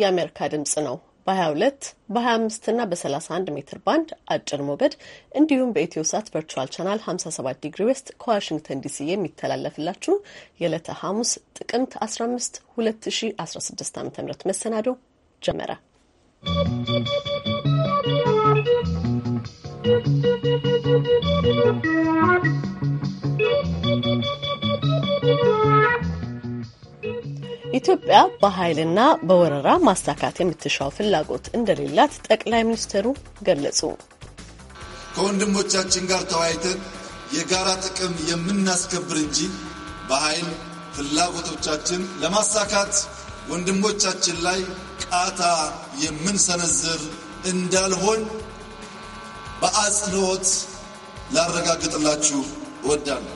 የአሜሪካ ድምጽ ነው። በ22 በ25 እና በ31 ሜትር ባንድ አጭር ሞገድ እንዲሁም በኢትዮ ሳት ቨርቹዋል ቻናል 57 ዲግሪ ዌስት ከዋሽንግተን ዲሲ የሚተላለፍላችሁ የዕለተ ሐሙስ ጥቅምት 15 2016 ዓ ም መሰናዶ ጀመረ። ኢትዮጵያ በኃይልና በወረራ ማሳካት የምትሻው ፍላጎት እንደሌላት ጠቅላይ ሚኒስትሩ ገለጹ። ከወንድሞቻችን ጋር ተወያይተን የጋራ ጥቅም የምናስከብር እንጂ በኃይል ፍላጎቶቻችን ለማሳካት ወንድሞቻችን ላይ ቃታ የምንሰነዝር እንዳልሆን በአጽንኦት ላረጋግጥላችሁ እወዳለሁ።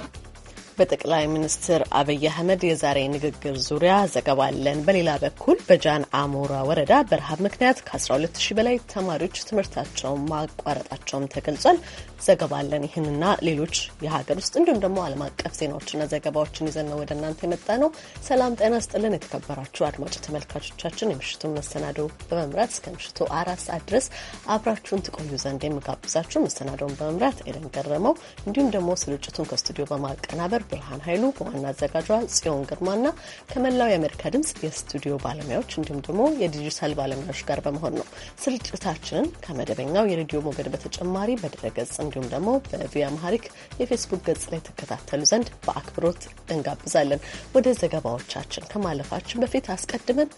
በጠቅላይ ሚኒስትር አብይ አህመድ የዛሬ ንግግር ዙሪያ ዘገባ አለን። በሌላ በኩል በጃን አሞራ ወረዳ በረሃብ ምክንያት ከ120 በላይ ተማሪዎች ትምህርታቸውን ማቋረጣቸውም ተገልጿል። ዘገባ አለን። ይህንና ሌሎች የሀገር ውስጥ እንዲሁም ደግሞ ዓለም አቀፍ ዜናዎችና ዘገባዎችን ይዘን ነው ወደ እናንተ የመጣ ነው። ሰላም ጤና ስጥልን። የተከበራችሁ አድማጭ ተመልካቾቻችን የምሽቱን መሰናዶ በመምራት እስከ ምሽቱ አራት ሰዓት ድረስ አብራችሁን ትቆዩ ዘንድ የምጋብዛችሁ መሰናዶውን በመምራት ኤደን ገረመው እንዲሁም ደግሞ ስርጭቱን ከስቱዲዮ በማቀናበር ብርሃን ኃይሉ በዋና አዘጋጇ ጽዮን ግርማና ከመላው የአሜሪካ ድምጽ የስቱዲዮ ባለሙያዎች እንዲሁም ደግሞ የዲጂታል ባለሙያዎች ጋር በመሆን ነው። ስርጭታችንን ከመደበኛው የሬዲዮ ሞገድ በተጨማሪ በድረገጽ እንዲሁም ደግሞ በቪያ መሀሪክ የፌስቡክ ገጽ ላይ ትከታተሉ ዘንድ በአክብሮት እንጋብዛለን። ወደ ዘገባዎቻችን ከማለፋችን በፊት አስቀድመን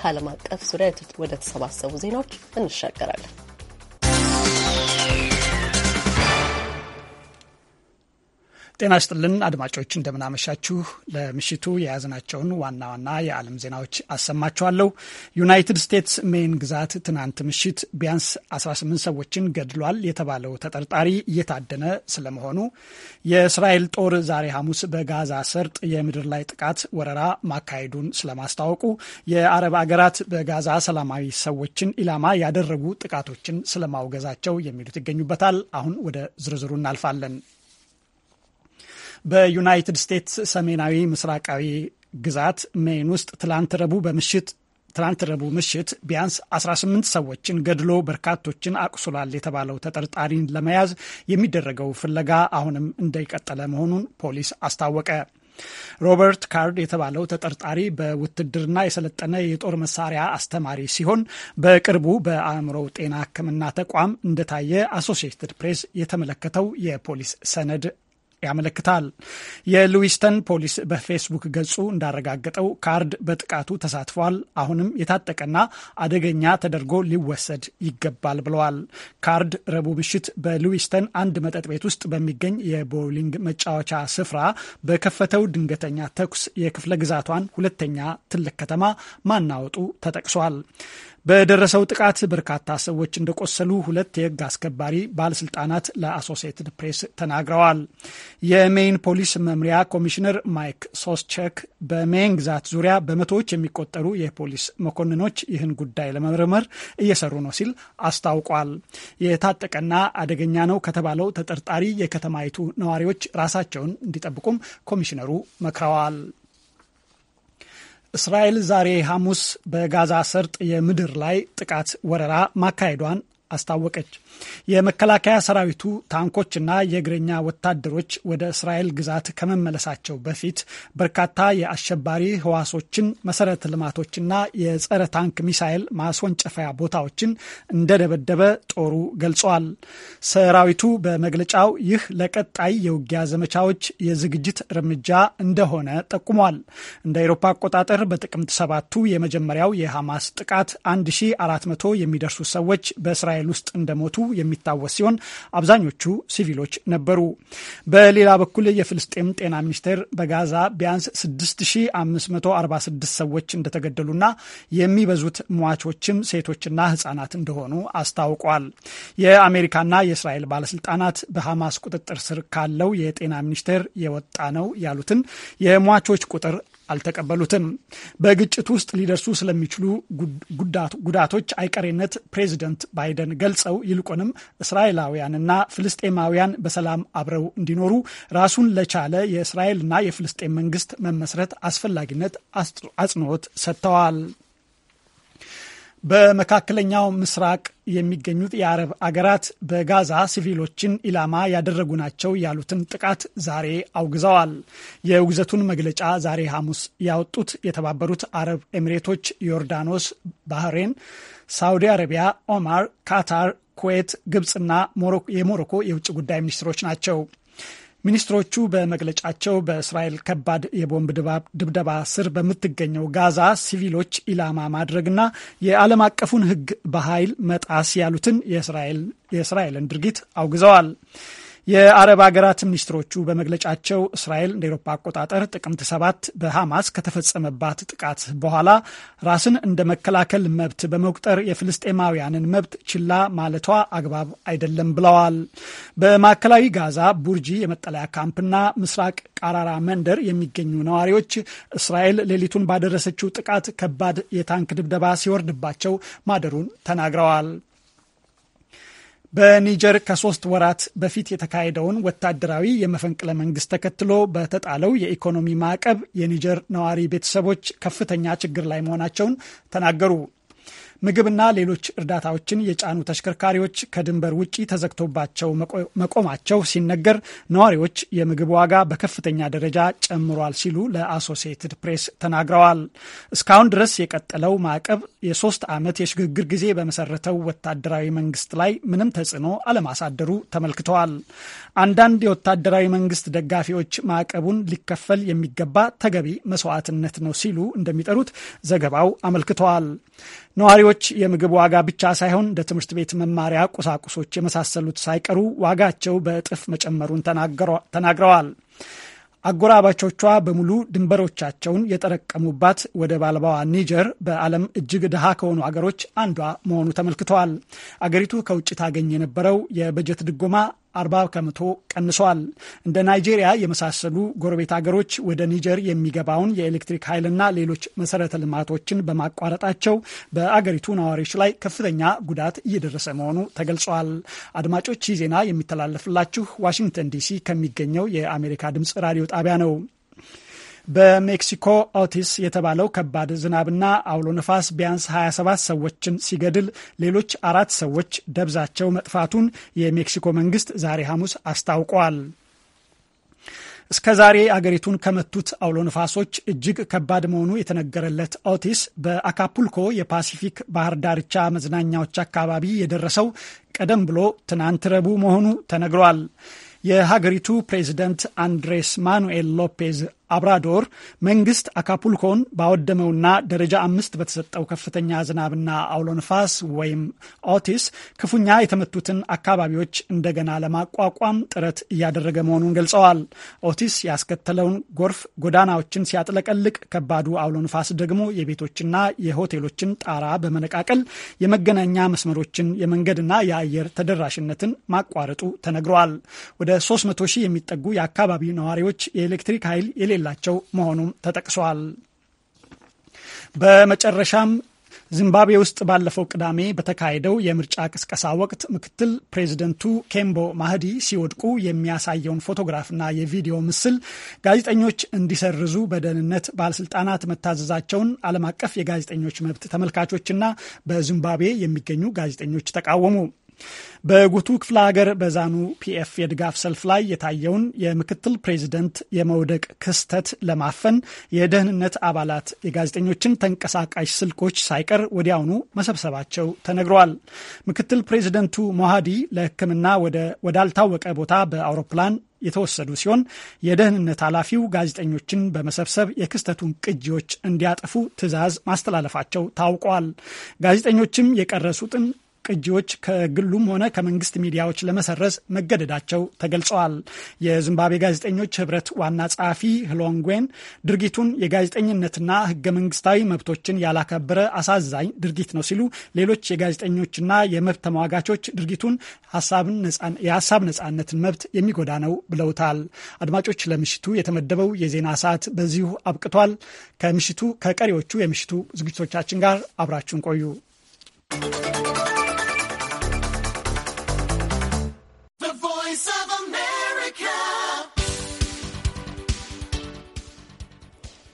ከዓለም አቀፍ ዙሪያ ወደ ተሰባሰቡ ዜናዎች እንሻገራለን። ጤና ይስጥልን አድማጮች፣ እንደምናመሻችሁ። ለምሽቱ የያዝናቸውን ዋና ዋና የዓለም ዜናዎች አሰማችኋለሁ። ዩናይትድ ስቴትስ ሜይን ግዛት ትናንት ምሽት ቢያንስ 18 ሰዎችን ገድሏል የተባለው ተጠርጣሪ እየታደነ ስለመሆኑ፣ የእስራኤል ጦር ዛሬ ሐሙስ በጋዛ ሰርጥ የምድር ላይ ጥቃት ወረራ ማካሄዱን ስለማስታወቁ፣ የአረብ አገራት በጋዛ ሰላማዊ ሰዎችን ኢላማ ያደረጉ ጥቃቶችን ስለማውገዛቸው የሚሉት ይገኙበታል። አሁን ወደ ዝርዝሩ እናልፋለን። በዩናይትድ ስቴትስ ሰሜናዊ ምስራቃዊ ግዛት ሜን ውስጥ ትላንት ረቡዕ በምሽት ትናንት ረቡዕ ምሽት ቢያንስ 18 ሰዎችን ገድሎ በርካቶችን አቁስሏል የተባለው ተጠርጣሪን ለመያዝ የሚደረገው ፍለጋ አሁንም እንደቀጠለ መሆኑን ፖሊስ አስታወቀ። ሮበርት ካርድ የተባለው ተጠርጣሪ በውትድርና የሰለጠነ የጦር መሳሪያ አስተማሪ ሲሆን በቅርቡ በአእምሮ ጤና ሕክምና ተቋም እንደታየ አሶሺየትድ ፕሬስ የተመለከተው የፖሊስ ሰነድ ያመለክታል። የሉዊስተን ፖሊስ በፌስቡክ ገጹ እንዳረጋገጠው ካርድ በጥቃቱ ተሳትፏል፣ አሁንም የታጠቀና አደገኛ ተደርጎ ሊወሰድ ይገባል ብለዋል። ካርድ ረቡዕ ምሽት በሉዊስተን አንድ መጠጥ ቤት ውስጥ በሚገኝ የቦውሊንግ መጫወቻ ስፍራ በከፈተው ድንገተኛ ተኩስ የክፍለ ግዛቷን ሁለተኛ ትልቅ ከተማ ማናወጡ ተጠቅሷል። በደረሰው ጥቃት በርካታ ሰዎች እንደቆሰሉ ሁለት የህግ አስከባሪ ባለስልጣናት ለአሶሴትድ ፕሬስ ተናግረዋል። የሜይን ፖሊስ መምሪያ ኮሚሽነር ማይክ ሶስቸክ በሜይን ግዛት ዙሪያ በመቶዎች የሚቆጠሩ የፖሊስ መኮንኖች ይህን ጉዳይ ለመመርመር እየሰሩ ነው ሲል አስታውቋል። የታጠቀና አደገኛ ነው ከተባለው ተጠርጣሪ የከተማይቱ ነዋሪዎች ራሳቸውን እንዲጠብቁም ኮሚሽነሩ መክረዋል። እስራኤል ዛሬ ሐሙስ በጋዛ ሰርጥ የምድር ላይ ጥቃት ወረራ ማካሄዷን አስታወቀች። የመከላከያ ሰራዊቱ ታንኮችና የእግረኛ ወታደሮች ወደ እስራኤል ግዛት ከመመለሳቸው በፊት በርካታ የአሸባሪ ህዋሶችን መሰረተ ልማቶችና የጸረ ታንክ ሚሳይል ማስወንጨፈያ ቦታዎችን እንደደበደበ ጦሩ ገልጿል። ሰራዊቱ በመግለጫው ይህ ለቀጣይ የውጊያ ዘመቻዎች የዝግጅት እርምጃ እንደሆነ ጠቁሟል። እንደ አውሮፓ አቆጣጠር በጥቅምት ሰባቱ የመጀመሪያው የሐማስ ጥቃት 1400 የሚደርሱ ሰዎች በእስራኤል ኃይል ውስጥ እንደሞቱ የሚታወስ ሲሆን አብዛኞቹ ሲቪሎች ነበሩ። በሌላ በኩል የፍልስጤም ጤና ሚኒስቴር በጋዛ ቢያንስ 6546 ሰዎች እንደተገደሉና የሚበዙት ሟቾችም ሴቶችና ህጻናት እንደሆኑ አስታውቋል። የአሜሪካና የእስራኤል ባለስልጣናት በሐማስ ቁጥጥር ስር ካለው የጤና ሚኒስቴር የወጣ ነው ያሉትን የሟቾች ቁጥር አልተቀበሉትም። በግጭት ውስጥ ሊደርሱ ስለሚችሉ ጉዳቶች አይቀሬነት ፕሬዚደንት ባይደን ገልጸው ይልቁንም እስራኤላውያንና ፍልስጤማውያን በሰላም አብረው እንዲኖሩ ራሱን ለቻለ የእስራኤልና የፍልስጤም መንግስት መመስረት አስፈላጊነት አጽንኦት ሰጥተዋል። በመካከለኛው ምስራቅ የሚገኙት የአረብ አገራት በጋዛ ሲቪሎችን ኢላማ ያደረጉ ናቸው ያሉትን ጥቃት ዛሬ አውግዘዋል። የውግዘቱን መግለጫ ዛሬ ሐሙስ ያወጡት የተባበሩት አረብ ኤሚሬቶች፣ ዮርዳኖስ፣ ባህሬን፣ ሳውዲ አረቢያ፣ ኦማር፣ ካታር፣ ኩዌት፣ ግብፅና የሞሮኮ የውጭ ጉዳይ ሚኒስትሮች ናቸው። ሚኒስትሮቹ በመግለጫቸው በእስራኤል ከባድ የቦምብ ድብደባ ስር በምትገኘው ጋዛ ሲቪሎች ኢላማ ማድረግና የዓለም አቀፉን ሕግ በኃይል መጣስ ያሉትን የእስራኤልን ድርጊት አውግዘዋል። የአረብ ሀገራት ሚኒስትሮቹ በመግለጫቸው እስራኤል እንደ ኤሮፓ አቆጣጠር ጥቅምት ሰባት በሐማስ ከተፈጸመባት ጥቃት በኋላ ራስን እንደ መከላከል መብት በመቁጠር የፍልስጤማውያንን መብት ችላ ማለቷ አግባብ አይደለም ብለዋል። በማዕከላዊ ጋዛ ቡርጂ የመጠለያ ካምፕና ምስራቅ ቃራራ መንደር የሚገኙ ነዋሪዎች እስራኤል ሌሊቱን ባደረሰችው ጥቃት ከባድ የታንክ ድብደባ ሲወርድባቸው ማደሩን ተናግረዋል። በኒጀር ከሶስት ወራት በፊት የተካሄደውን ወታደራዊ የመፈንቅለ መንግስት ተከትሎ በተጣለው የኢኮኖሚ ማዕቀብ የኒጀር ነዋሪ ቤተሰቦች ከፍተኛ ችግር ላይ መሆናቸውን ተናገሩ። ምግብና ሌሎች እርዳታዎችን የጫኑ ተሽከርካሪዎች ከድንበር ውጪ ተዘግቶባቸው መቆማቸው ሲነገር ነዋሪዎች የምግብ ዋጋ በከፍተኛ ደረጃ ጨምሯል ሲሉ ለአሶሲየትድ ፕሬስ ተናግረዋል። እስካሁን ድረስ የቀጠለው ማዕቀብ የሶስት ዓመት የሽግግር ጊዜ በመሰረተው ወታደራዊ መንግስት ላይ ምንም ተጽዕኖ አለማሳደሩ ተመልክተዋል። አንዳንድ የወታደራዊ መንግስት ደጋፊዎች ማዕቀቡን ሊከፈል የሚገባ ተገቢ መስዋዕትነት ነው ሲሉ እንደሚጠሩት ዘገባው አመልክተዋል። ነዋሪዎች ሌሎች የምግብ ዋጋ ብቻ ሳይሆን እንደ ትምህርት ቤት መማሪያ ቁሳቁሶች የመሳሰሉት ሳይቀሩ ዋጋቸው በእጥፍ መጨመሩን ተናግረዋል። አጎራባቾቿ በሙሉ ድንበሮቻቸውን የጠረቀሙባት ወደብ አልባዋ ኒጀር በዓለም እጅግ ድሃ ከሆኑ አገሮች አንዷ መሆኑ ተመልክተዋል። አገሪቱ ከውጭ ታገኝ የነበረው የበጀት ድጎማ 40 ከመቶ ቀንሷል። እንደ ናይጄሪያ የመሳሰሉ ጎረቤት አገሮች ወደ ኒጀር የሚገባውን የኤሌክትሪክ ኃይልና ሌሎች መሰረተ ልማቶችን በማቋረጣቸው በአገሪቱ ነዋሪዎች ላይ ከፍተኛ ጉዳት እየደረሰ መሆኑ ተገልጿል። አድማጮች ይህ ዜና የሚተላለፍላችሁ ዋሽንግተን ዲሲ ከሚገኘው የአሜሪካ ድምጽ ራዲዮ ጣቢያ ነው። በሜክሲኮ ኦቲስ የተባለው ከባድ ዝናብና አውሎ ነፋስ ቢያንስ 27 ሰዎችን ሲገድል ሌሎች አራት ሰዎች ደብዛቸው መጥፋቱን የሜክሲኮ መንግስት ዛሬ ሐሙስ አስታውቋል። እስከ ዛሬ አገሪቱን ከመቱት አውሎ ነፋሶች እጅግ ከባድ መሆኑ የተነገረለት ኦቲስ በአካፑልኮ የፓሲፊክ ባህር ዳርቻ መዝናኛዎች አካባቢ የደረሰው ቀደም ብሎ ትናንት ረቡዕ መሆኑ ተነግሯል። የሀገሪቱ ፕሬዚደንት አንድሬስ ማኑኤል ሎፔዝ አብራዶር መንግስት አካፑልኮን ባወደመውና ደረጃ አምስት በተሰጠው ከፍተኛ ዝናብና አውሎ ንፋስ ወይም ኦቲስ ክፉኛ የተመቱትን አካባቢዎች እንደገና ለማቋቋም ጥረት እያደረገ መሆኑን ገልጸዋል። ኦቲስ ያስከተለውን ጎርፍ ጎዳናዎችን ሲያጥለቀልቅ፣ ከባዱ አውሎ ንፋስ ደግሞ የቤቶችና የሆቴሎችን ጣራ በመነቃቀል የመገናኛ መስመሮችን የመንገድና የአየር ተደራሽነትን ማቋረጡ ተነግረዋል። ወደ 300 ሺህ የሚጠጉ የአካባቢው ነዋሪዎች የኤሌክትሪክ ኃይል የሌለ የሌላቸው መሆኑም ተጠቅሷል። በመጨረሻም ዚምባብዌ ውስጥ ባለፈው ቅዳሜ በተካሄደው የምርጫ ቅስቀሳ ወቅት ምክትል ፕሬዚደንቱ ኬምቦ ማህዲ ሲወድቁ የሚያሳየውን ፎቶግራፍና የቪዲዮ ምስል ጋዜጠኞች እንዲሰርዙ በደህንነት ባለስልጣናት መታዘዛቸውን ዓለም አቀፍ የጋዜጠኞች መብት ተመልካቾችና በዚምባብዌ የሚገኙ ጋዜጠኞች ተቃወሙ። በጉቱ ክፍለ ሀገር በዛኑ ፒኤፍ የድጋፍ ሰልፍ ላይ የታየውን የምክትል ፕሬዚደንት የመውደቅ ክስተት ለማፈን የደህንነት አባላት የጋዜጠኞችን ተንቀሳቃሽ ስልኮች ሳይቀር ወዲያውኑ መሰብሰባቸው ተነግረዋል። ምክትል ፕሬዚደንቱ ሞሃዲ ለሕክምና ወዳልታወቀ ቦታ በአውሮፕላን የተወሰዱ ሲሆን የደህንነት ኃላፊው ጋዜጠኞችን በመሰብሰብ የክስተቱን ቅጂዎች እንዲያጠፉ ትዕዛዝ ማስተላለፋቸው ታውቋል። ጋዜጠኞችም የቀረሱትን ቅጂዎች ከግሉም ሆነ ከመንግስት ሚዲያዎች ለመሰረዝ መገደዳቸው ተገልጸዋል። የዚምባብዌ ጋዜጠኞች ህብረት ዋና ጸሐፊ ህሎንግዌን ድርጊቱን የጋዜጠኝነትና ህገ መንግስታዊ መብቶችን ያላከበረ አሳዛኝ ድርጊት ነው ሲሉ ሌሎች የጋዜጠኞችና የመብት ተሟጋቾች ድርጊቱን የሀሳብ ነጻነትን መብት የሚጎዳ ነው ብለውታል። አድማጮች ለምሽቱ የተመደበው የዜና ሰዓት በዚሁ አብቅቷል። ከምሽቱ ከቀሪዎቹ የምሽቱ ዝግጅቶቻችን ጋር አብራችሁን ቆዩ።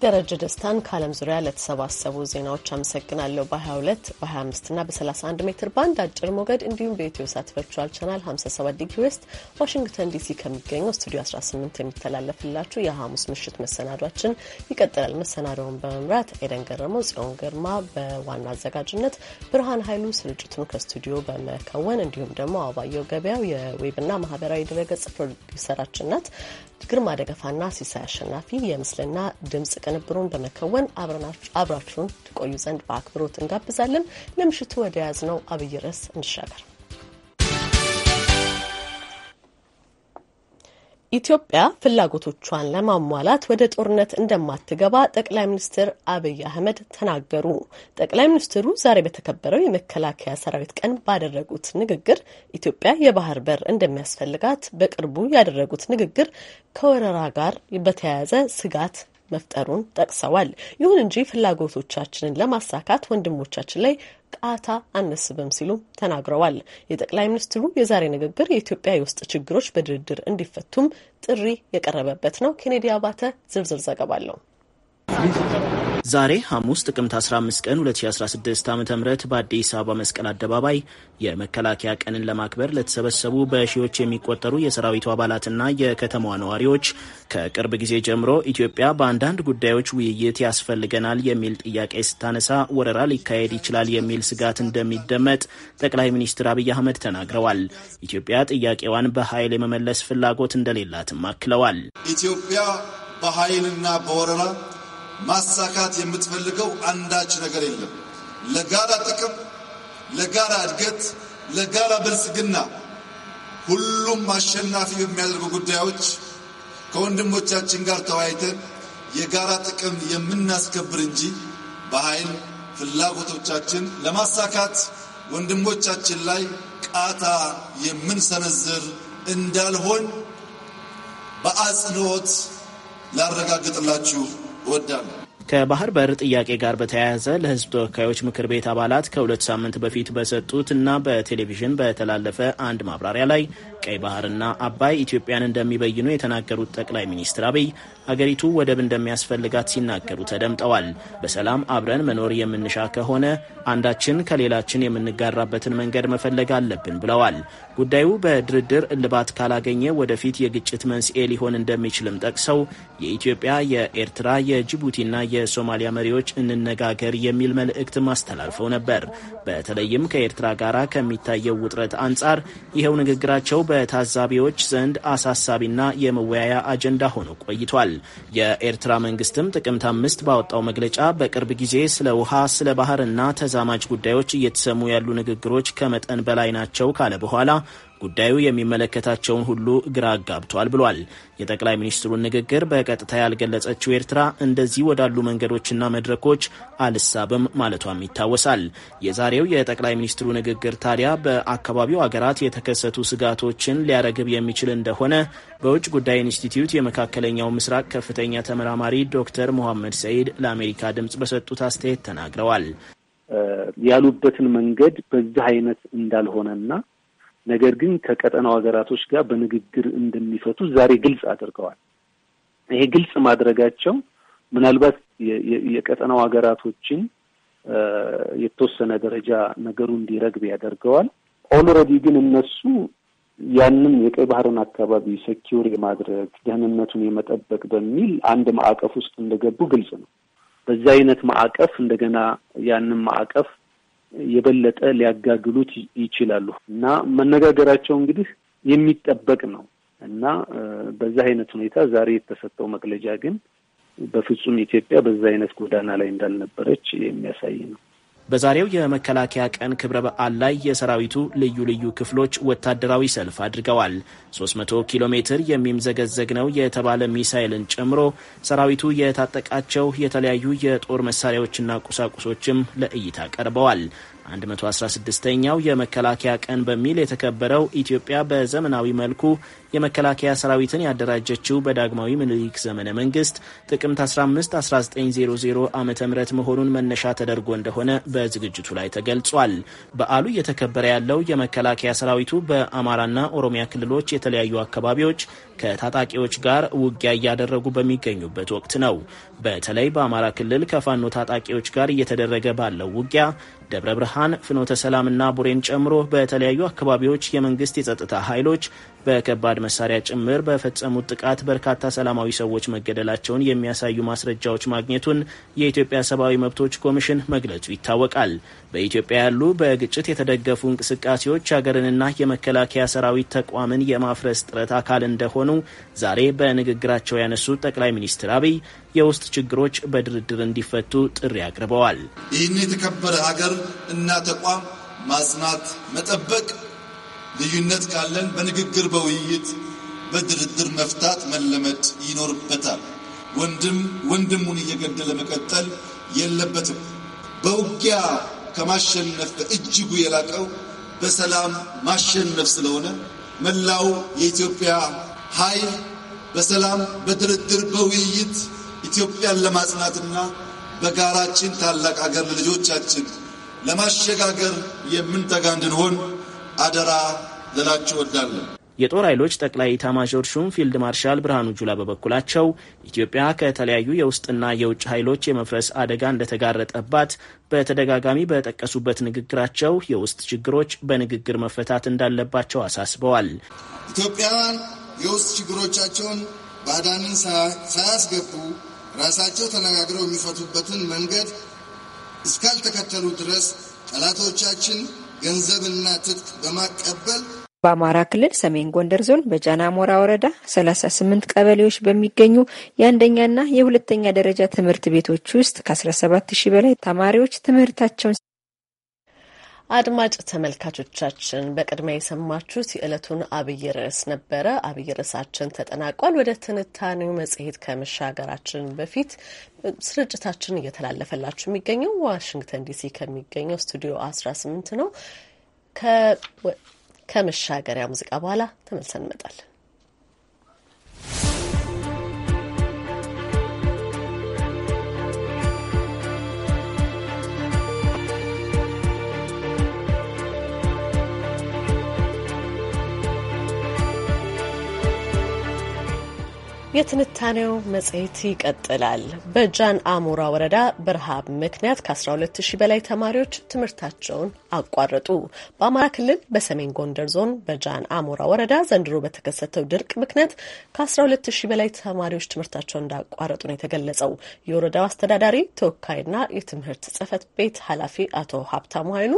ደረጀ ደስታን ከዓለም ዙሪያ ለተሰባሰቡ ዜናዎች አመሰግናለሁ። በ22 በ25 እና በ31 ሜትር ባንድ አጭር ሞገድ እንዲሁም በኢትዮ ሳት ቨርቹዋል ቻናል 57 ዲግሪ ውስጥ ዋሽንግተን ዲሲ ከሚገኘው ስቱዲዮ 18 የሚተላለፍላችሁ የሐሙስ ምሽት መሰናዷችን ይቀጥላል። መሰናዶውን በመምራት ኤደን ገረመው፣ ጽዮን ግርማ በዋና አዘጋጅነት፣ ብርሃን ኃይሉ ስርጭቱን ከስቱዲዮ በመከወን እንዲሁም ደግሞ አባየው ገበያው የዌብና ማህበራዊ ድረገጽ ፕሮዲውሰራችን ናት። ግርማ ደገፋና ሲሳይ አሸናፊ የምስልና ድምጽ ቅንብሩን በመከወን አብራችሁን ትቆዩ ዘንድ በአክብሮት እንጋብዛለን። ለምሽቱ ወደ ያዝነው አብይ ርዕስ እንሻገር። ኢትዮጵያ ፍላጎቶቿን ለማሟላት ወደ ጦርነት እንደማትገባ ጠቅላይ ሚኒስትር አብይ አህመድ ተናገሩ። ጠቅላይ ሚኒስትሩ ዛሬ በተከበረው የመከላከያ ሰራዊት ቀን ባደረጉት ንግግር ኢትዮጵያ የባህር በር እንደሚያስፈልጋት በቅርቡ ያደረጉት ንግግር ከወረራ ጋር በተያያዘ ስጋት መፍጠሩን ጠቅሰዋል። ይሁን እንጂ ፍላጎቶቻችንን ለማሳካት ወንድሞቻችን ላይ ቃታ አነስብም ሲሉ ተናግረዋል። የጠቅላይ ሚኒስትሩ የዛሬ ንግግር የኢትዮጵያ የውስጥ ችግሮች በድርድር እንዲፈቱም ጥሪ የቀረበበት ነው። ኬኔዲ አባተ ዝርዝር ዘገባ አለው። ዛሬ ሐሙስ ጥቅምት 15 ቀን 2016 ዓ ም በአዲስ አበባ መስቀል አደባባይ የመከላከያ ቀንን ለማክበር ለተሰበሰቡ በሺዎች የሚቆጠሩ የሰራዊቱ አባላትና የከተማዋ ነዋሪዎች ከቅርብ ጊዜ ጀምሮ ኢትዮጵያ በአንዳንድ ጉዳዮች ውይይት ያስፈልገናል የሚል ጥያቄ ስታነሳ ወረራ ሊካሄድ ይችላል የሚል ስጋት እንደሚደመጥ ጠቅላይ ሚኒስትር አብይ አህመድ ተናግረዋል። ኢትዮጵያ ጥያቄዋን በኃይል የመመለስ ፍላጎት እንደሌላትም አክለዋል። ኢትዮጵያ በኃይልና በወረራ ማሳካት የምትፈልገው አንዳች ነገር የለም። ለጋራ ጥቅም፣ ለጋራ እድገት፣ ለጋራ ብልጽግና ሁሉም አሸናፊ የሚያደርጉ ጉዳዮች ከወንድሞቻችን ጋር ተወያይተን የጋራ ጥቅም የምናስከብር እንጂ በኃይል ፍላጎቶቻችን ለማሳካት ወንድሞቻችን ላይ ቃታ የምንሰነዝር እንዳልሆን በአጽንኦት ላረጋግጥላችሁ እወዳለሁ። ከባህር በር ጥያቄ ጋር በተያያዘ ለሕዝብ ተወካዮች ምክር ቤት አባላት ከሁለት ሳምንት በፊት በሰጡት እና በቴሌቪዥን በተላለፈ አንድ ማብራሪያ ላይ ቀይ ባህርና አባይ ኢትዮጵያን እንደሚበይኑ የተናገሩት ጠቅላይ ሚኒስትር አብይ አገሪቱ ወደብ እንደሚያስፈልጋት ሲናገሩ ተደምጠዋል። በሰላም አብረን መኖር የምንሻ ከሆነ አንዳችን ከሌላችን የምንጋራበትን መንገድ መፈለግ አለብን ብለዋል። ጉዳዩ በድርድር እልባት ካላገኘ ወደፊት የግጭት መንስኤ ሊሆን እንደሚችልም ጠቅሰው የኢትዮጵያ፣ የኤርትራ፣ የጅቡቲና የሶማሊያ መሪዎች እንነጋገር የሚል መልእክትም አስተላልፈው ነበር። በተለይም ከኤርትራ ጋር ከሚታየው ውጥረት አንጻር ይኸው ንግግራቸው በታዛቢዎች ዘንድ አሳሳቢና የመወያያ አጀንዳ ሆኖ ቆይቷል። የኤርትራ መንግስትም ጥቅምት አምስት ባወጣው መግለጫ በቅርብ ጊዜ ስለ ውሃ፣ ስለ ባህርና ተዛማጅ ጉዳዮች እየተሰሙ ያሉ ንግግሮች ከመጠን በላይ ናቸው ካለ በኋላ ጉዳዩ የሚመለከታቸውን ሁሉ ግራ አጋብቷል ብሏል። የጠቅላይ ሚኒስትሩን ንግግር በቀጥታ ያልገለጸችው ኤርትራ እንደዚህ ወዳሉ መንገዶችና መድረኮች አልሳብም ማለቷም ይታወሳል። የዛሬው የጠቅላይ ሚኒስትሩ ንግግር ታዲያ በአካባቢው አገራት የተከሰቱ ስጋቶችን ሊያረግብ የሚችል እንደሆነ በውጭ ጉዳይ ኢንስቲትዩት የመካከለኛው ምስራቅ ከፍተኛ ተመራማሪ ዶክተር ሞሐመድ ሰይድ ለአሜሪካ ድምጽ በሰጡት አስተያየት ተናግረዋል። ያሉበትን መንገድ በዚህ አይነት እንዳልሆነና ነገር ግን ከቀጠናው ሀገራቶች ጋር በንግግር እንደሚፈቱ ዛሬ ግልጽ አድርገዋል። ይሄ ግልጽ ማድረጋቸው ምናልባት የቀጠናው ሀገራቶችን የተወሰነ ደረጃ ነገሩ እንዲረግብ ያደርገዋል። ኦልሬዲ ግን እነሱ ያንን የቀይ ባህርን አካባቢ ሴኪውር የማድረግ ደህንነቱን የመጠበቅ በሚል አንድ ማዕቀፍ ውስጥ እንደገቡ ግልጽ ነው። በዚህ አይነት ማዕቀፍ እንደገና ያንን ማዕቀፍ የበለጠ ሊያጋግሉት ይችላሉ እና መነጋገራቸው እንግዲህ የሚጠበቅ ነው እና በዛ አይነት ሁኔታ ዛሬ የተሰጠው መግለጫ ግን በፍጹም ኢትዮጵያ በዛ አይነት ጎዳና ላይ እንዳልነበረች የሚያሳይ ነው። በዛሬው የመከላከያ ቀን ክብረ በዓል ላይ የሰራዊቱ ልዩ ልዩ ክፍሎች ወታደራዊ ሰልፍ አድርገዋል። 300 ኪሎ ሜትር የሚምዘገዘግ ነው የተባለ ሚሳይልን ጨምሮ ሰራዊቱ የታጠቃቸው የተለያዩ የጦር መሳሪያዎችና ቁሳቁሶችም ለእይታ ቀርበዋል። 116ኛው የመከላከያ ቀን በሚል የተከበረው ኢትዮጵያ በዘመናዊ መልኩ የመከላከያ ሰራዊትን ያደራጀችው በዳግማዊ ምኒልክ ዘመነ መንግስት ጥቅምት 15 1900 ዓ ም መሆኑን መነሻ ተደርጎ እንደሆነ በዝግጅቱ ላይ ተገልጿል። በዓሉ እየተከበረ ያለው የመከላከያ ሰራዊቱ በአማራና ኦሮሚያ ክልሎች የተለያዩ አካባቢዎች ከታጣቂዎች ጋር ውጊያ እያደረጉ በሚገኙበት ወቅት ነው። በተለይ በአማራ ክልል ከፋኖ ታጣቂዎች ጋር እየተደረገ ባለው ውጊያ ደብረ ብርሃን፣ ፍኖተ ሰላምና ቡሬን ጨምሮ በተለያዩ አካባቢዎች የመንግስት የጸጥታ ኃይሎች በከባድ በከባድ መሳሪያ ጭምር በፈጸሙት ጥቃት በርካታ ሰላማዊ ሰዎች መገደላቸውን የሚያሳዩ ማስረጃዎች ማግኘቱን የኢትዮጵያ ሰብአዊ መብቶች ኮሚሽን መግለጹ ይታወቃል። በኢትዮጵያ ያሉ በግጭት የተደገፉ እንቅስቃሴዎች ሀገርንና የመከላከያ ሰራዊት ተቋምን የማፍረስ ጥረት አካል እንደሆኑ ዛሬ በንግግራቸው ያነሱት ጠቅላይ ሚኒስትር አብይ የውስጥ ችግሮች በድርድር እንዲፈቱ ጥሪ አቅርበዋል። ይህን የተከበረ ሀገር እና ተቋም ማጽናት፣ መጠበቅ ልዩነት ካለን በንግግር በውይይት በድርድር መፍታት መለመድ ይኖርበታል። ወንድም ወንድሙን እየገደለ መቀጠል የለበትም። በውጊያ ከማሸነፍ በእጅጉ የላቀው በሰላም ማሸነፍ ስለሆነ መላው የኢትዮጵያ ኃይል በሰላም በድርድር በውይይት ኢትዮጵያን ለማጽናትና በጋራችን ታላቅ ሀገር ልጆቻችን ለማሸጋገር የምንተጋ እንድንሆን አደራ ልላችሁ እወዳለሁ። የጦር ኃይሎች ጠቅላይ ኢታማዦር ሹም ፊልድ ማርሻል ብርሃኑ ጁላ በበኩላቸው ኢትዮጵያ ከተለያዩ የውስጥና የውጭ ኃይሎች የመፍረስ አደጋ እንደተጋረጠባት በተደጋጋሚ በጠቀሱበት ንግግራቸው የውስጥ ችግሮች በንግግር መፈታት እንዳለባቸው አሳስበዋል። ኢትዮጵያውያን የውስጥ ችግሮቻቸውን ባዕዳንን ሳያስገቡ ራሳቸው ተነጋግረው የሚፈቱበትን መንገድ እስካልተከተሉ ድረስ ጠላቶቻችን ገንዘብና ትጥቅ በማቀበል በአማራ ክልል ሰሜን ጎንደር ዞን በጃና ሞራ ወረዳ 38 ቀበሌዎች በሚገኙ የአንደኛና የሁለተኛ ደረጃ ትምህርት ቤቶች ውስጥ ከ17 ሺህ በላይ ተማሪዎች ትምህርታቸውን አድማጭ ተመልካቾቻችን በቅድሚያ የሰማችሁት የዕለቱን አብይ ርዕስ ነበረ። አብይ ርዕሳችን ተጠናቋል። ወደ ትንታኔው መጽሔት ከመሻገራችን በፊት ስርጭታችን እየተላለፈላችሁ የሚገኘው ዋሽንግተን ዲሲ ከሚገኘው ስቱዲዮ አስራ ስምንት ነው። ከመሻገሪያ ሙዚቃ በኋላ ተመልሰን እንመጣለን። የትንታኔው መጽሔት ይቀጥላል። በጃን አሞራ ወረዳ በረሃብ ምክንያት ከ12 ሺ በላይ ተማሪዎች ትምህርታቸውን አቋረጡ። በአማራ ክልል በሰሜን ጎንደር ዞን በጃን አሞራ ወረዳ ዘንድሮ በተከሰተው ድርቅ ምክንያት ከ12 ሺ በላይ ተማሪዎች ትምህርታቸውን እንዳቋረጡ ነው የተገለጸው። የወረዳው አስተዳዳሪ ተወካይና የትምህርት ጽህፈት ቤት ኃላፊ አቶ ሀብታሙ ኃይሉ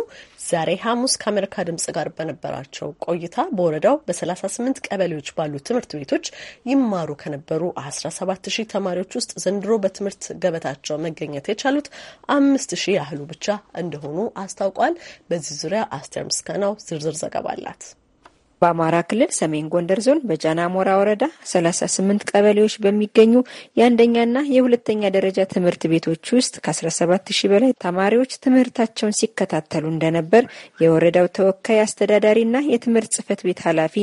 ዛሬ ሐሙስ ከአሜሪካ ድምጽ ጋር በነበራቸው ቆይታ በወረዳው በ38 ቀበሌዎች ባሉ ትምህርት ቤቶች ይማሩ ከነበ ከነበሩ 17 ሺህ ተማሪዎች ውስጥ ዘንድሮ በትምህርት ገበታቸው መገኘት የቻሉት አምስት ሺህ ያህሉ ብቻ እንደሆኑ አስታውቋል። በዚህ ዙሪያ አስቴር ምስጋናው ዝርዝር ዘገባ አላት። በአማራ ክልል ሰሜን ጎንደር ዞን በጃናሞራ ወረዳ 38 ቀበሌዎች በሚገኙ የአንደኛና የሁለተኛ ደረጃ ትምህርት ቤቶች ውስጥ ከ17 ሺ በላይ ተማሪዎች ትምህርታቸውን ሲከታተሉ እንደነበር የወረዳው ተወካይ አስተዳዳሪና የትምህርት ጽህፈት ቤት ኃላፊ